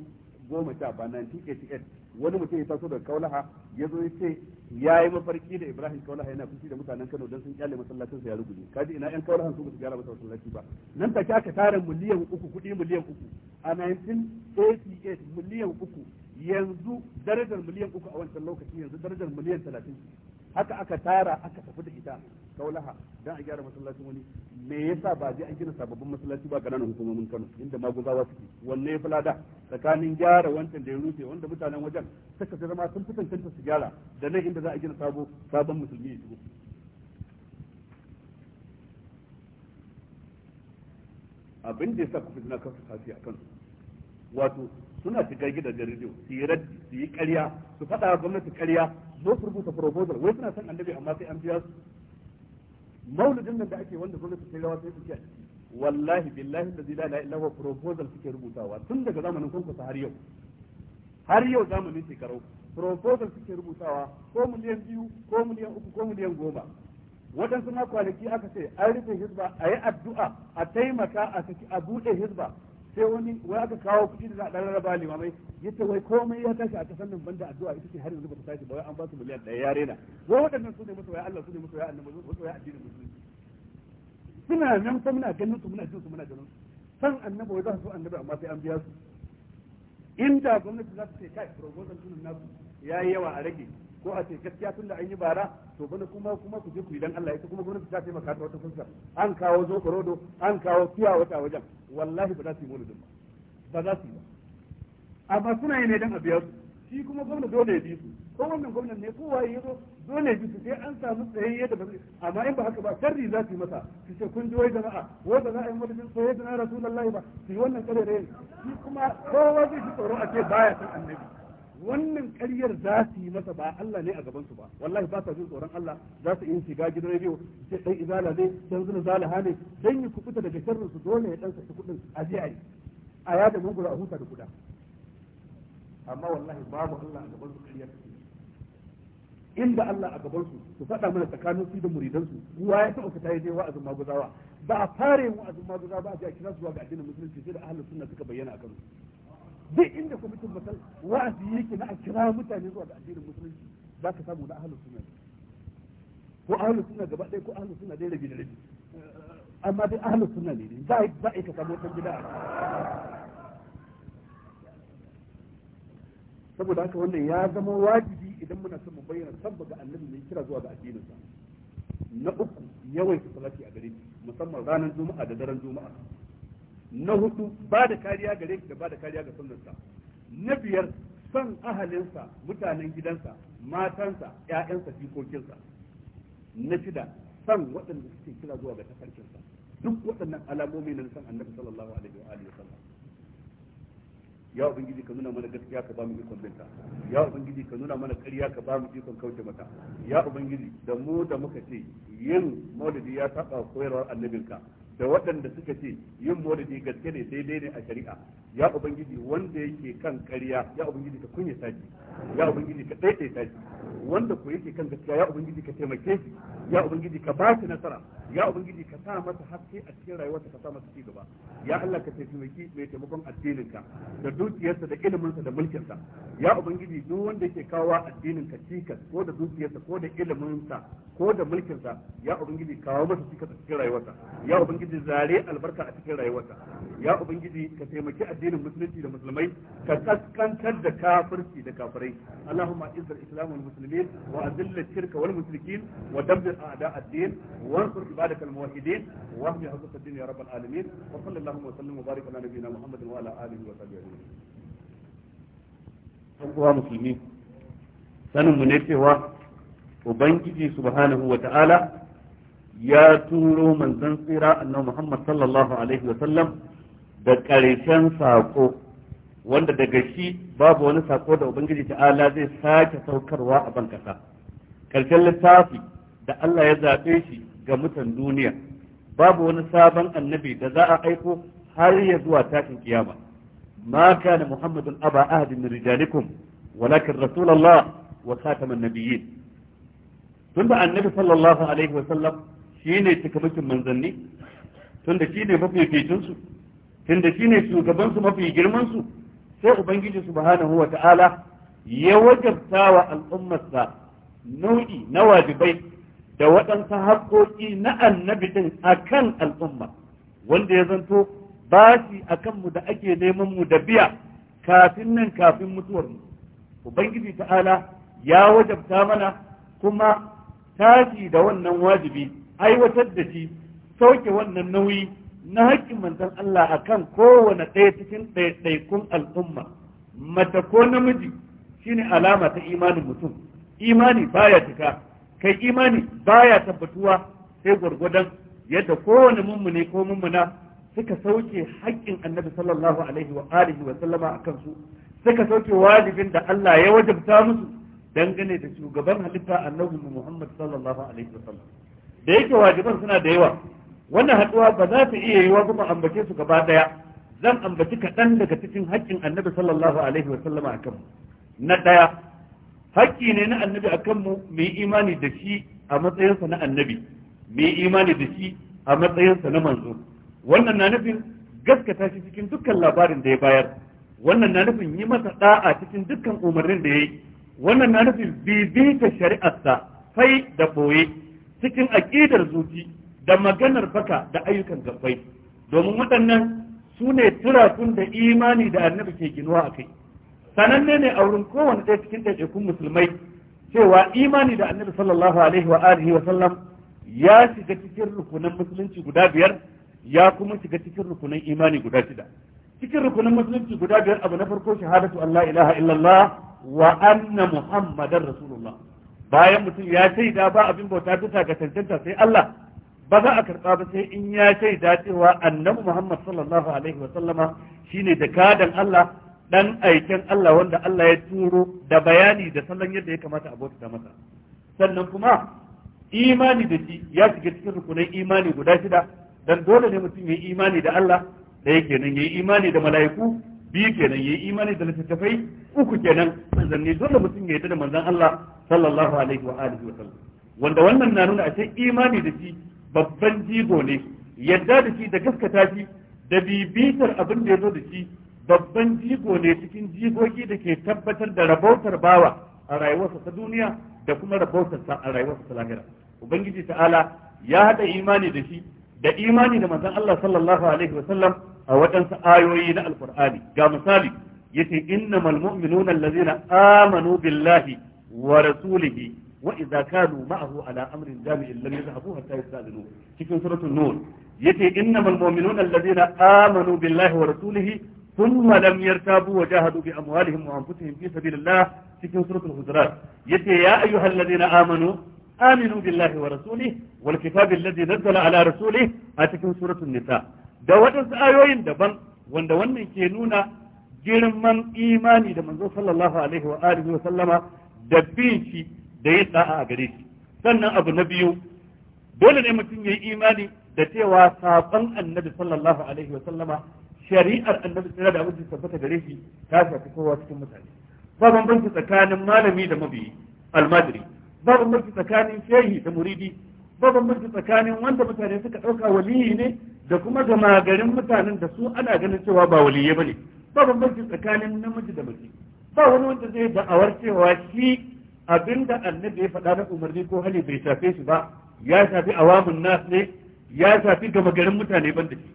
goma sha ba 1988 wani mutum ya taso daga kaulaha ya zo ya ce ya yi mafarki da ibrahim kaulaha yana fushi da mutanen kano don sun kyale sa ya ruguje kaji ina yan kaulahan su ba su gyara masa masallaci ba nan take aka tara miliyan uku kudi miliyan uku a 1988 miliyan uku yanzu darajar miliyan uku a wancan lokaci yanzu darajar miliyan talatin haka aka tara aka tafi da ita kaulaha dan a gyara masallacin wani me yasa ba je an gina sababbin masallaci ba kananan hukumomin Kano inda maguzawa suke wanne yafi lada tsakanin gyara wancan da ya rufe wanda mutanen wajen suka ta zama sun fitan kanta su gyara da nan inda za a gina sabo sabon musulmi ya shigo abin da yasa ku fitina kan su kafi akan wato suna shiga gidajen rediyo su yi raddi su yi ƙarya su faɗa gwamnati ƙarya zo rubuta proposal wai suna san annabi amma sai an biya su maulidin nan da ake wanda gwamnati kai rawa sai su ce wallahi billahi da zila la ilaha proposal suke rubutawa tun daga zamanin kunkusa har yau har yau zamanin shekaru proposal suke rubutawa ko miliyan biyu ko miliyan uku ko miliyan goma waɗansu ma kwanaki aka ce an rufe hizba a yi addu'a a taimaka a saki a buɗe hizba sai wani wai aka kawo kuɗi da za a ɗan rarraba limamai yace wai komai ya tashi a kasan nan banda addu'a ita ce har yanzu ba ta tashi ba wai an ba su miliyan ɗaya ya rena wai waɗannan su ne musu wai Allah su ne musu wai annabi musu wai addinin musulunci suna nan fa muna ganin su muna jin su muna ganin su san annabi wai za su so annabi amma sai an biya su inda gwamnati za ta ce kai proposal sunan nasu yayi yawa a rage ko a ce gaskiya tun da an yi bara to bana kuma kuma ku je ku idan Allah ya kuma gwamnati ta taimaka ta wata fuskar an kawo zo rodo an kawo tuya wata wajen wallahi ba za su yi mulkin ba ba za su yi ba amma suna yi ne dan a su shi kuma gwamna dole ya bi su ko wannan gwamnan ne kowa ya zo dole bi su sai an samu tsayayye da bazai amma in ba haka ba sharri za su yi masa su ce kun ji wai jama'a wai ba za a yi maulidin soyayya na rasulullahi ba su yi wannan kare da shi kuma kowa zai shi tsoro a ce baya san annabi wannan karyar za su yi masa ba Allah ne a gaban su ba wallahi ba sa jin tsoron Allah za su yi shiga gidan rediyo sai dan izala ne dan zuna zalaha ne dan yi kubuta daga sharrin su dole ya dan saki kudin a je ayi a yada mugura a huta da guda amma wallahi babu Allah a gaban su ƙaryar inda Allah a gaban su su faɗa mana tsakanin su da muridan su ruwa ya taɓa fita ya je wa'azin maguzawa ba a fare mu wa'azin maguzawa ba a je a kira su zuwa ga addinin musulunci sai da ahlus sunna suka bayyana a kansu duk inda kwamitin masal wa'azi yake na a kira mutane zuwa ga addinin musulunci za ka samu na ahlus sunna ko ahalus sunna gaba ɗaya ko ahalus sunna dai rabi da rabi amma dai ahalus sunna ne za a za a ka samu wata gida saboda haka wannan ya zama wajibi idan muna son mu bayyana sabba ga annabi mai kira zuwa ga addinin sa na uku yawaita salati a gare musamman ranar juma'a da daren juma'a na hudu ba da kariya gare shi da ba da kariya ga sunansa na biyar son ahalinsa mutanen gidansa matansa ƴaƴansa jikokinsa na shida son waɗanda suke kira zuwa ga tafarkinsa duk waɗannan alamomi na san annabi sallallahu alaihi wa alihi wasallam ya ubangiji ka nuna mana gaskiya ka ba mu ikon binta ya ubangiji ka nuna mana ƙarya ka ba mu ikon kauce mata ya ubangiji da mu da muka ce yin maulidi ya taba koyarwar annabinka da waɗanda suka ce yin maulidi gaske ne daidai ne a shari'a ya ubangiji wanda yake kan ƙarya ya ubangiji ka kunya saji ya ubangiji ka ɗaiɗai saji wanda ko yake kan gaskiya ya ubangiji ka taimake shi ya ubangiji ka ba shi nasara ya ubangiji ka sa masa haske a cikin rayuwarsa ka sa masa ci gaba ya Allah ka taimaki mai taimakon addininka da dukiyarsa da iliminsa da mulkinsa ya ubangiji duk wanda yake kawo addininka cikas ko da dukiyarsa ko da iliminsa ko da mulkinsa ya ubangiji kawo masa cikas a cikin rayuwarsa ya ubangiji zare albarka a cikin rayuwarsa ya ubangiji ka taimaki addinin musulunci da musulmai ka kaskantar da kafirci da kafirai Allahumma wal muslimin wa shirka wal wa dabbir a'da wa ansur al muwahhidin wa ahmi ad-din ya rabbal alamin wa sallallahu wa sallam wa barik ala nabiyyina muhammadin wa ala alihi wa sahbihi ajma'in sanin mu ne cewa ubangiji subhanahu wa ta'ala ya turo manzon tsira annabi Muhammad sallallahu alaihi wa sallam da ƙarshen saƙo wanda daga shi babu wani saƙo da ubangiji ta'ala zai sake saukarwa a ban ƙasa ƙarshen littafi da Allah ya zaɓe shi ga mutan duniya babu wani sabon annabi da za a aiko har ya zuwa tashin kiyama ma kana muhammadun aba ahadin min rijalikum walakin rasulullah wa khataman nabiyyin tunda annabi sallallahu alaihi wa sallam shine cikamakin manzanni tunda shine mafificin su tunda shine ne shugabansu mafi girmansu, sai ubangiji subhanahu ta'ala ya wajabta wa al'ummarsa nau'i na wajibai da waɗansa haƙoƙi na annabi din akan al'umma wanda ya zanto basi akan mu da ake neman mu da biya kafin nan kafin mutuwar mu ubangiji ta'ala ya wajabta mana kuma tashi da wannan wajibi aiwatar da shi sauke wannan nauyi na haƙƙin manzon Allah a kan kowane ɗaya cikin ɗaiɗaikun al'umma mata ko namiji shine alama ta imanin mutum imani baya cika kai imani baya tabbatuwa sai gwargwadon yadda kowane mummune ko mummuna suka sauke haƙƙin annabi sallallahu alaihi wa alihi wa sallama akan su suka sauke wajibin da Allah ya wajabta musu dangane da shugaban halitta annabi Muhammad sallallahu alaihi wa sallam da yake wajiban suna da yawa wannan haɗuwa ba za ta iya yiwa ba ambace su gaba ɗaya zan ambaci kaɗan daga cikin haƙƙin annabi sallallahu alaihi wa sallama na ɗaya haƙƙi ne na annabi a kanmu mu imani da shi a matsayinsa na annabi mu imani da shi a matsayinsa na manzo wannan na nufin gaskata shi cikin dukkan labarin da ya bayar wannan na nufin yi masa ɗa'a cikin dukkan umarnin da ya yi wannan na nufin bibita shari'arsa fai da boye cikin aƙidar zuci da maganar baka da ayyukan gabbai domin waɗannan su ne turafin da imani da annabi ke ginuwa a kai sananne ne a wurin kowane ɗaya cikin ɗaiɗaikun musulmai cewa imani da annabi sallallahu alaihi wa alihi wa sallam ya shiga cikin rukunan musulunci guda biyar ya kuma shiga cikin rukunan imani guda shida cikin rukunan musulunci guda biyar abu na farko shahadatu Allah ilaha illallah wa anna muhammadar rasulullah bayan mutum ya shaida ba abin bauta bisa ga tantanta sai Allah ba za a karɓa ba sai in ya shaida cewa annabi Muhammad sallallahu alaihi wa sallama shine jakadan Allah dan aiken Allah wanda Allah ya turo da bayani da sallan yadda ya kamata a bauta masa sannan kuma imani da shi ya shiga cikin rukunin imani guda shida dan dole ne mutum ya yi imani da Allah da yake nan ya yi imani da mala'iku biyu kenan ya yi imani da littattafai uku kenan manzanni dole mutum ya yi da manzan Allah sallallahu alaihi wa alihi wa sallam wanda wannan na nuna a imani da shi babban jigo ne yadda da shi da gaskata shi da bibitar abin da ya zo da shi babban jigo ne cikin jigogi da ke tabbatar da rabautar bawa a rayuwarsa ta duniya da kuma rabautarsa a rayuwarsa ta lahira ubangiji ta'ala ya haɗa imani da shi da imani da manzon Allah sallallahu alaihi wa sallam a wadansu ayoyi na alqur'ani ga misali yace innamal mu'minuna allazina amanu billahi wa rasulihi wa'iza idza kanu ma'ahu ala amrin jami'in lam yadhhabu hatta yasta'dinu cikin suratul nur yace innamal mu'minuna alladhina amanu billahi wa rasulihi ثم لم يرتابوا وجاهدوا بأموالهم وأنفسهم في سبيل الله في سورة الحجرات يتي يا أيها الذين آمنوا آمنوا بالله ورسوله والكتاب الذي نزل على رسوله أتكن سورة النساء da waɗansu ayoyin daban wanda wannan ke nuna girman imani da manzo sallallahu alaihi wa sallama da bin da yin da'a a gare shi sannan abu na biyu dole ne mutum ya yi imani da cewa saƙon annabi sallallahu alaihi sallama shari'ar annabi tsira da abincin tabbata gare shi ta shafi kowa cikin mutane ba bambanci tsakanin malami da mabiyi almajiri ba bambanci tsakanin shehi da muridi ba bambanci tsakanin wanda mutane suka ɗauka waliyi ne da kuma gama garin mutanen da su ana ganin cewa ba waliyye ba ne ba bambanci tsakanin namiji da mace ba wani wanda zai da'awar cewa shi abinda annabi ya faɗa na umarni ko hali bai shafe shi ba ya shafi awamun nas ne ya shafi gama garin mutane ban da shi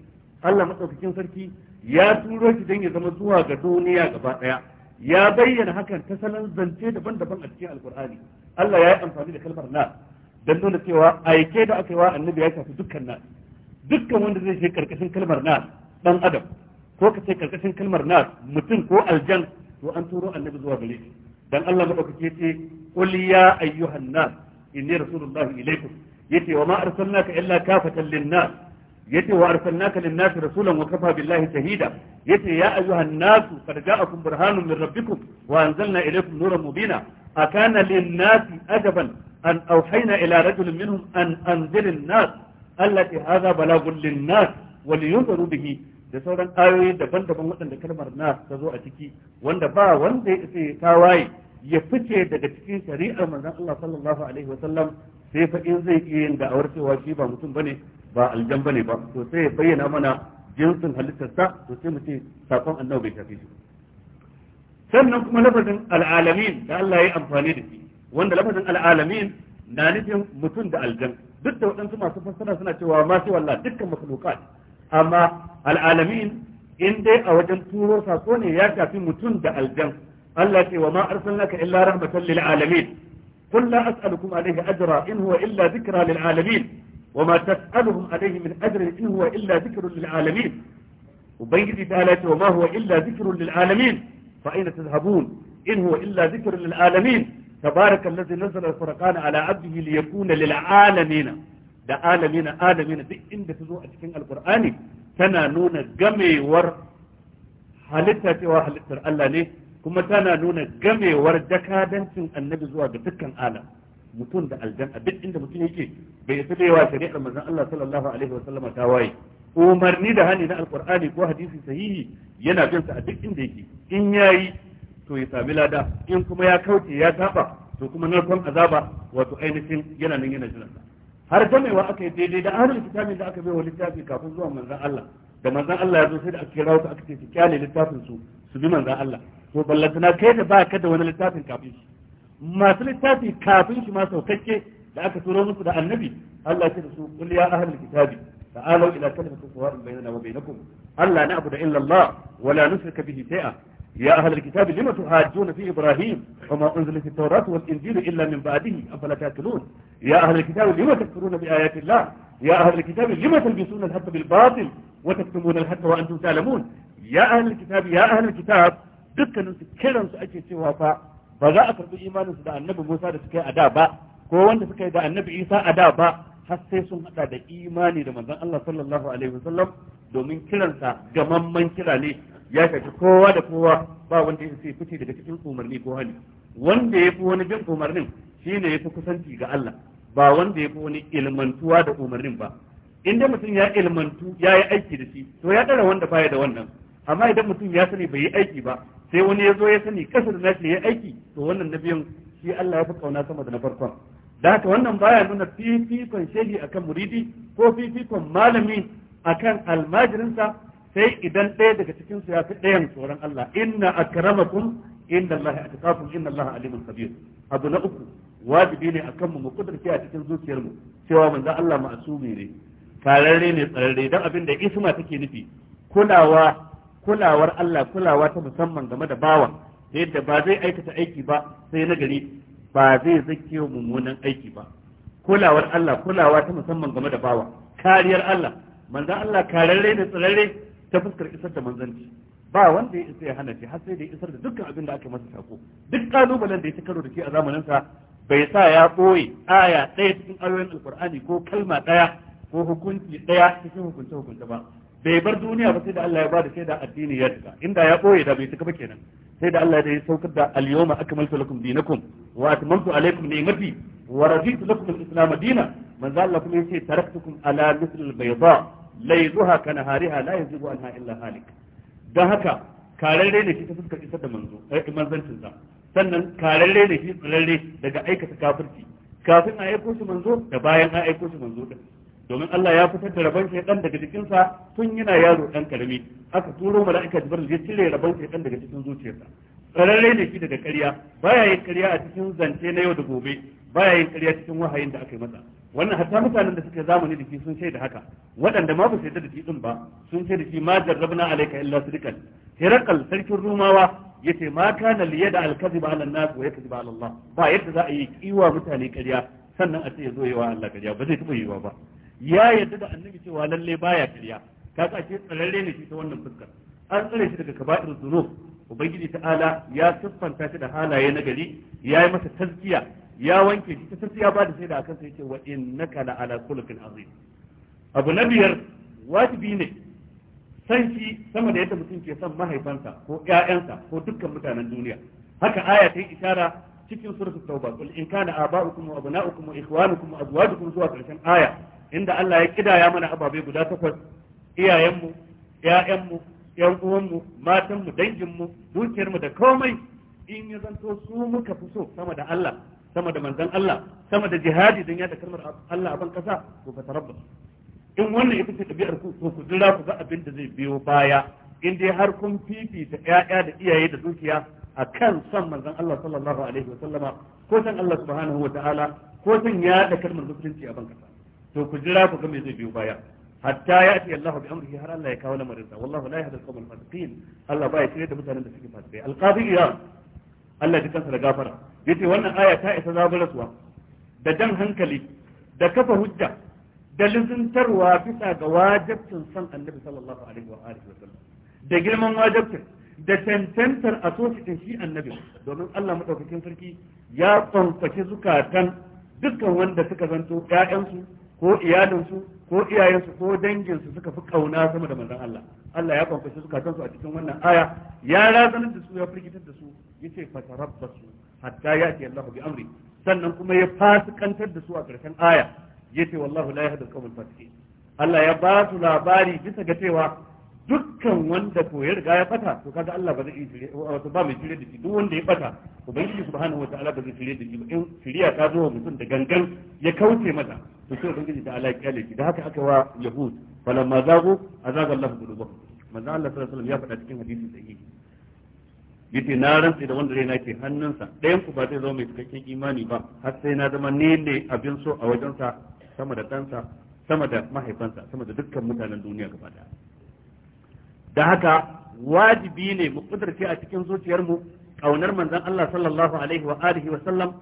Allah madaukakin sarki ya turo shi don ya zama zuwa ga duniya gaba daya ya bayyana hakan ta salon zance daban-daban a cikin alkur'ani Allah ya yi amfani da kalmar nas don nuna cewa aike da aka yi wa annabi ya shafi dukkan nas dukkan wanda zai je karkashin kalmar nas dan adam ko ka ce karkashin kalmar nas mutum ko aljan to an turo annabi zuwa gare shi dan Allah madaukake ce qul ya ayyuhan nas inni rasulullahi ilaykum yace wa ma arsalnaka illa kafatan lin-nas yace wa arsalnaka lin-nas rasulan wa kafa billahi shahida yace ya ayyuhan nas qad ja'akum burhanun min rabbikum wa anzalna ilaykum nuran mubina akana lin-nas ajaban an awhayna ila rajulin minhum an anzir nas allati hadha balagun lin-nas wa liyunziru da sauran ayoyi daban-daban waɗanda kalmar nas ta zo a ciki wanda ba wanda ya ce waye. ya fice daga cikin shari'ar manzon Allah sallallahu alaihi wasallam sai fa in zai iya yin da'awar cewa shi ba mutum bane ba aljan bane ba to sai ya bayyana mana jinsin halittarsa to sai mu ce sakon annabi bai shafe shi sannan kuma lafazin al'alamin da Allah ya amfani da shi wanda lafazin al'alamin na nufin mutum da aljan duk da waɗansu masu fassara suna cewa ma sai wallah dukkan makhluqat amma al'alamin in dai a wajen turo sako ne ya shafi mutum da aljan التي وما أرسلناك إلا رحمة للعالمين قل لا أسألكم عليه أجرا إن هو إلا ذكرى للعالمين وما تسألهم عليه من أجر إن هو إلا ذكر للعالمين وبين ذلك وما هو إلا ذكر للعالمين فأين تذهبون إن هو إلا ذكر للعالمين تبارك الذي نزل الفرقان على عبده ليكون للعالمين ده عالمين عالمين دي إن تزوء تكين القرآن تنانون قمي ور حالتة وحالتة الله kuma tana nuna gamewar jakadancin annabi zuwa ga dukkan alam mutum da aljanna duk inda mutum yake bai isa yawa shari'ar manzon Allah sallallahu alaihi wa sallama ta waye umarni da hani na alqur'ani ko hadisi sahihi yana bin sa a duk inda yake in yayi to ya sami lada in kuma ya kauce ya saba to kuma a azaba wato ainihin yana nan yana jiran har gamewa aka yi daidai da ahlul kitabi da aka wa littafi kafin zuwa manzon Allah da manzon Allah ya zo sai da aka kira su aka ce su kyale littafin su su bi manzon Allah to ballantana kai da ba ka da wani littafin kafin shi masu littafi kafin shi ma saukakke da aka turo musu da annabi Allah ya ce su kul ya ahlul kitabi ta'alu ila kalimatin sawa'in bainana wa bainakum alla na'budu illa Allah wa la nushrika bihi shay'a يا أهل الكتاب لم تحاجون في إبراهيم وما أنزلت التوراة والإنجيل إلا من بعده أفلا تأكلون يا أهل الكتاب لم تكفرون بآيات الله يا أهل الكتاب لم تلبسون الحق بالباطل وتكتمون الحق وأنتم تعلمون يا أهل الكتاب يا أهل الكتاب dukkanin kiransu ake cewa fa ba za a karbi imanin su da annabi Musa da suka yi a da ba ko wanda suka yi da annabi Isa a da ba har sai sun hada da imani da manzon Allah sallallahu alaihi wasallam domin kiransa gamamman kira ne ya shafi kowa da kowa ba wanda ya sai fice daga cikin umarni ko hali wanda ya fi wani bin umarnin shine ya fi kusanci ga Allah ba wanda ya fi wani ilmantuwa da umarnin ba in dai mutum ya ilmantu ya yi aiki da shi to ya ɗara wanda baya da wannan amma idan mutum ya sani bai yi aiki ba sai wani ya zo ya sani kasa da nashi ya aiki to wannan na biyun shi Allah ya fi kauna sama da na farkon da haka wannan baya nuna fifikon shehi akan muridi ko fifikon malami akan almajirinsa sai idan ɗaya daga cikin su ya fi ɗayan tsoron Allah inna akramakum inda Allah atqakum inna Allah alimun kabir abu na uku wajibi ne akan mu mu kudurce a cikin zuciyar mu cewa manzo Allah ma'asumi ne kararre ne tsararre dan abin da isma take nufi kulawa kulawar Allah kulawa ta musamman game da bawa da yadda ba zai aikata aiki ba sai na gari ba zai zake mummunan aiki ba kulawar Allah kulawa ta musamman game da bawa kariyar Allah manzo Allah kararre ne tsirarre ta fuskar isar da manzanci ba wanda ya isa ya hana shi har sai da ya isar da dukkan abin da aka masa sako duk kalubalen da ya ci karo da shi a zamanin sa bai sa ya ɓoye aya ɗaya cikin ayoyin alkur'ani ko kalma ɗaya ko hukunci ɗaya cikin hukunce hukunce ba bai bar duniya ba sai da Allah ya bada sai da addini ya tuka inda ya boye da bai tuka ba kenan sai da Allah ya saukar da al-yawma akmaltu lakum dinakum wa atmamtu alaykum ni'mati wa raditu lakum al-islam dina manzo Allah kuma yace taraktukum ala mithl al-bayda laylaha kanahariha la yazigu anha illa halik dan haka kararre ne shi ta fuskar isar da manzo eh, manzancin sa sannan kararre ne shi tsirarre daga aikata kafirci kafin a aiko shi manzo da bayan a aiko shi manzo din domin Allah ya fitar da rabon shaidan daga jikinsa tun yana yaro dan karami aka turo mala'ika jibril ya cire rabon shaytan daga cikin zuciyarsa tsararre ne shi daga ƙarya baya yin ƙarya a cikin zance na yau da gobe baya yin ƙarya cikin wahayin da aka yi masa wannan hatta mutanen da suka zamani da shi sun shaida haka waɗanda ma ba su da shi din ba sun shaida shi ma jarrabna alayka illa sidqan hirakal sarkin rumawa yace ma kana liyada alkaziba ala nas wa yakziba ala Allah ba yadda za a yi kiwa mutane ƙarya sannan a ce ya zo yawa Allah ƙarya ba zai taɓa yiwa ba ya yarda da annabi cewa lalle baya kariya kaga ake tsararre ne shi ta wannan fuskar an tsare shi daga kaba'ir dhunub ubangiji ta'ala ya siffanta shi da halaye na gari ya yi masa tazkiya ya wanke shi ta tazkiya ba da sai da akan sai ce wa innaka la ala khuluqin azim abu na biyar wajibi ne san shi sama da yadda mutum ke san mahaifansa ko ƴaƴansa ko dukkan mutanen duniya haka aya ta yi isara cikin suratul tauba qul in kana aba'ukum wa abna'ukum wa ikhwanukum wa azwajukum zuwa karshen aya inda Allah ya kidaya mana ababai guda takwas iyayenmu yayanmu yan uwanmu matanmu danginmu dukiyarmu da komai in ya zanto su muka fi so sama da Allah sama da manzon Allah sama da jihadi don yada kalmar Allah a ban kasa to fa tarabbas in wannan ita ce ɗabi'ar ku ko ku jira ku ga abin da zai biyo baya in dai har kun fifita ƴaƴa da iyaye da dukiya a kan son manzon Allah sallallahu alaihi wa sallama ko san Allah subhanahu wa ta'ala ko san yada kalmar musulunci a ban kasa to ku jira ku ga me zai biyo baya hatta ya ati Allah bi amrihi har Allah ya kawo lamarin sa wallahu la yahdi al-qawm al-fasiqin Allah ba ya shirye da mutanen da suke fasikai al-qadiyya Allah ya kansa da gafara yace wannan aya ta isa zaburaswa da dan hankali da kafa hujja da lizintarwa bisa ga wajibcin san annabi sallallahu alaihi wa alihi wasallam da girman wajibcin da tantantar a sositin shi annabi domin Allah madaukakin sarki ya kwamfaci zukatan dukkan wanda suka zanto ƴaƴansu ko iyalinsu ko iyayensu ko danginsu suka fi kauna sama da manzon Allah Allah ya kwankwace su kakansu a cikin wannan aya ya razanar da su ya firgitar da su yace fatarabbasu hatta ya'ti Allah bi amri sannan kuma ya fasikantar da su a karshen aya yace wallahu la yahdi al-qawm al Allah ya ba su labari bisa ga cewa dukkan wanda ko ya riga ya bata to kaga Allah ba zai shirye wato ba mai shirye da shi duk wanda ya bata ubangiji subhanahu wataala ba zai shirye da shi in shiriya ta zo mutum da gangan ya kauce mata to sai ubangiji ta Allah ya kyale shi da haka aka wa yahud falamma zago azaga Allah qulubahum manzo Allah sallallahu alaihi wasallam ya faɗa cikin hadisi sahihi yace na rantse da wanda raina ke hannunsa ɗayan ku ba zai zama mai cikakken imani ba har sai na zama ne ne abin so a wajensa sama da ɗansa sama da mahaifansa sama da dukkan mutanen duniya gaba ɗaya da haka wajibi ne mu kudurce a cikin zuciyarmu kaunar manzon Allah sallallahu alaihi wa alihi wa sallam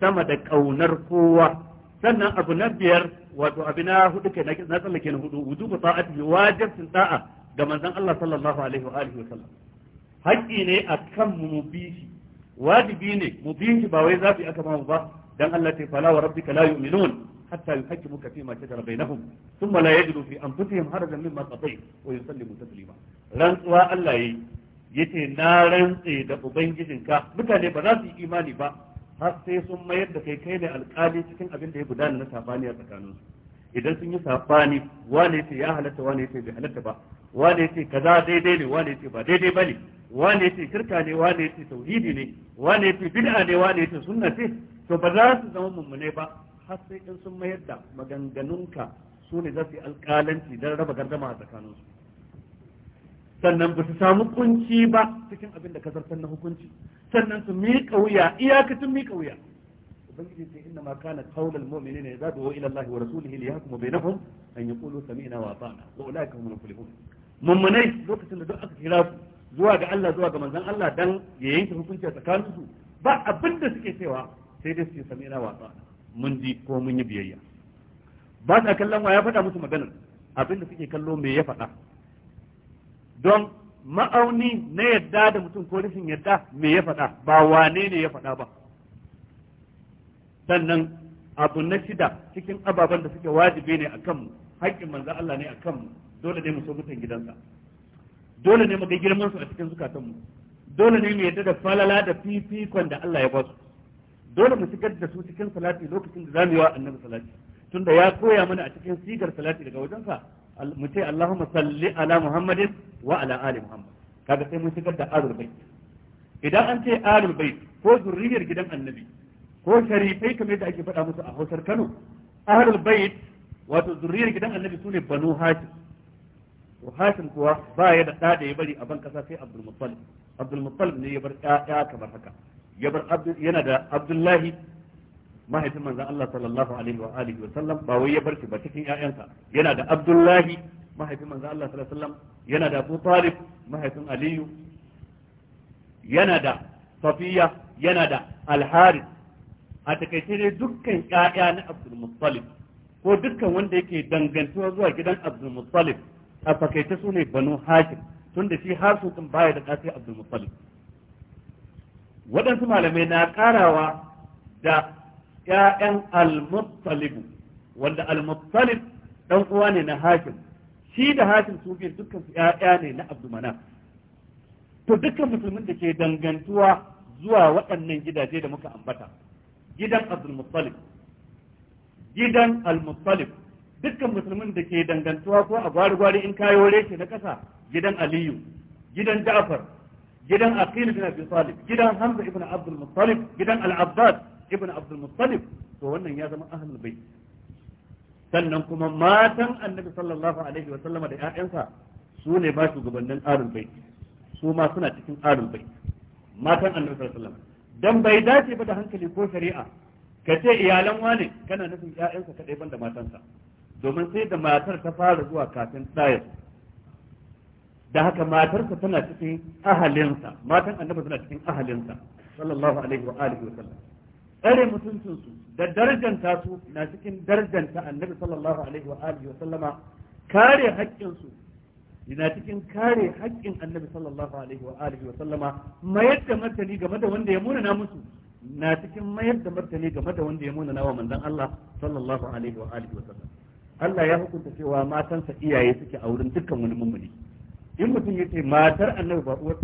sama da kaunar kowa sannan abu na biyar wato abu na hudu kai na tsallake na hudu wujubu ta'ati wajibin da'a ga manzon Allah sallallahu alaihi wa alihi wa sallam haƙƙi ne a akan mu bi shi wajibi ne mu bi shi ba wai zafi aka ba mu ba dan Allah ta fala wa rabbika la yu'minun hatta yuhaqqimuka fi ma shajara bainahum thumma la yajidu fi anfusihim harajan mimma qadayt wa yusallimu taslima rantsuwa Allah yayi yace na rantse da ubangijinka mutane ba za su yi imani ba har sai sun mayar da kai kai ne alƙali cikin abin da ya gudana na sabani a tsakanin. idan sun yi sabani wane yace ya halatta wane yace bai halatta ba wane yace kaza daidai ne wane yace ba daidai bane wane yace shirka ne wane yace tauhidi ne wane yace bid'a ne wane yace sunna ce to ba za su zama mummune ba har sai in sun mayar da maganganunka su ne za su yi alƙalanci don raba gardama a tsakaninsu sannan ba su samu kunci ba cikin abin da ka zartar na hukunci sannan su miƙa wuya iyakacin miƙa wuya ubangiji ce inna ma kana qaulal mu'minina idza du'u ila allahi wa rasulihi liyahkumu bainahum an yaqulu sami'na wa ata'na wa ulaika humul muflihun mummunai lokacin da duk aka kira su zuwa ga Allah zuwa ga manzon Allah dan ya yanke hukunci a tsakaninsu ba abin da suke cewa sai dai su sami'na wa ata'na mun ji ko mun yi biyayya ba sa kallon wa ya faɗa musu maganar abin da suke kallo me ya faɗa don ma'auni na yadda da mutum ko rashin yadda me ya faɗa ba wane ne ya faɗa ba sannan abu na shida cikin ababen da suke wajibi ne a kanmu haƙƙin manzan Allah ne a kanmu dole ne mu so mutan gidansa dole ne mu ga girman su a cikin zukatanmu dole ne mu yadda da falala da fifikon da Allah ya ba su dole mu shigar da su cikin salati lokacin da za mu yi wa annabi salati tunda ya koya mana a cikin sigar salati daga wajensa mu ce Allahumma salli ala Muhammadin wa ala ali Muhammad kaga sai mun shigar da alul bait idan an ce alul bait ko zurriyar gidan annabi ko sharifai kamar da ake faɗa musu a Hausar Kano ahlul bait wato zurriyar gidan annabi sune banu hashim to hashim kuwa ba ya da da ya bari a ban kasa sai Abdul Muttalib Abdul Muttalib ne ya bar ƴaƴa kamar haka ya bar yana da abdullahi mahaifin manzon Allah sallallahu alaihi wa alihi wa sallam ba wai ya bar ba cikin ƴaƴansa yana da abdullahi mahaifin manzon Allah sallallahu alaihi wa sallam yana da abu talib mahaifin aliyu yana da safiya yana da alharis a takaice ne dukkan ƴaƴa na abdul muttalib ko dukkan wanda yake dangantuwa zuwa gidan abdul muttalib a fakaice su ne banu hashim tun da shi har su baya da ɗafi abdul muttalib waɗansu malamai na ƙarawa da ‘ya'yan al-muttalibu wanda al-muttalib ɗan uwa ne na hakim shi da hakim su biyu dukkan su ‘ya'ya ne na abdumana to dukkan musulmin da ke dangantuwa zuwa waɗannan gidaje da muka ambata gidan abdulmuttalib gidan al-muttalib dukkan musulmin da ke dangantuwa ko a gwari-gwari in kayo reshe na ƙasa gidan aliyu gidan ja'far gidan Aqil ibn Abi Talib gidan Hamza ibn Abdul Muttalib gidan Al-Abbas Abdul Muttalib to wannan ya zama ahlul bait sannan kuma matan Annabi sallallahu da ƴaƴansa su ne ba shugabannin ahlul bait su ma suna cikin ahlul bait matan Annabi sallallahu bai dace ba da hankali ko shari'a ka ce iyalan wane kana nufin 'ya'yansa kadai banda matansa domin sai da matar ta fara zuwa kafin ɗayar da haka matarsa tana cikin ahalinsa matan annabi suna cikin ahalinsa sallallahu alaihi wa alihi wa sallam tsare mutuncin su da darjanta su na cikin darjanta annabi sallallahu alaihi wa alihi wa sallama kare haƙƙin su na cikin kare haƙƙin annabi sallallahu alaihi wa alihi wa sallama mayar da martani game da wanda ya munana musu na cikin mayar da martani game da wanda ya munana wa manzon Allah sallallahu alaihi wa alihi wa sallam Allah ya hukunta cewa matansa iyaye suke a wurin dukkan wani mummuni in mutum ya ce matar annabi ba uwar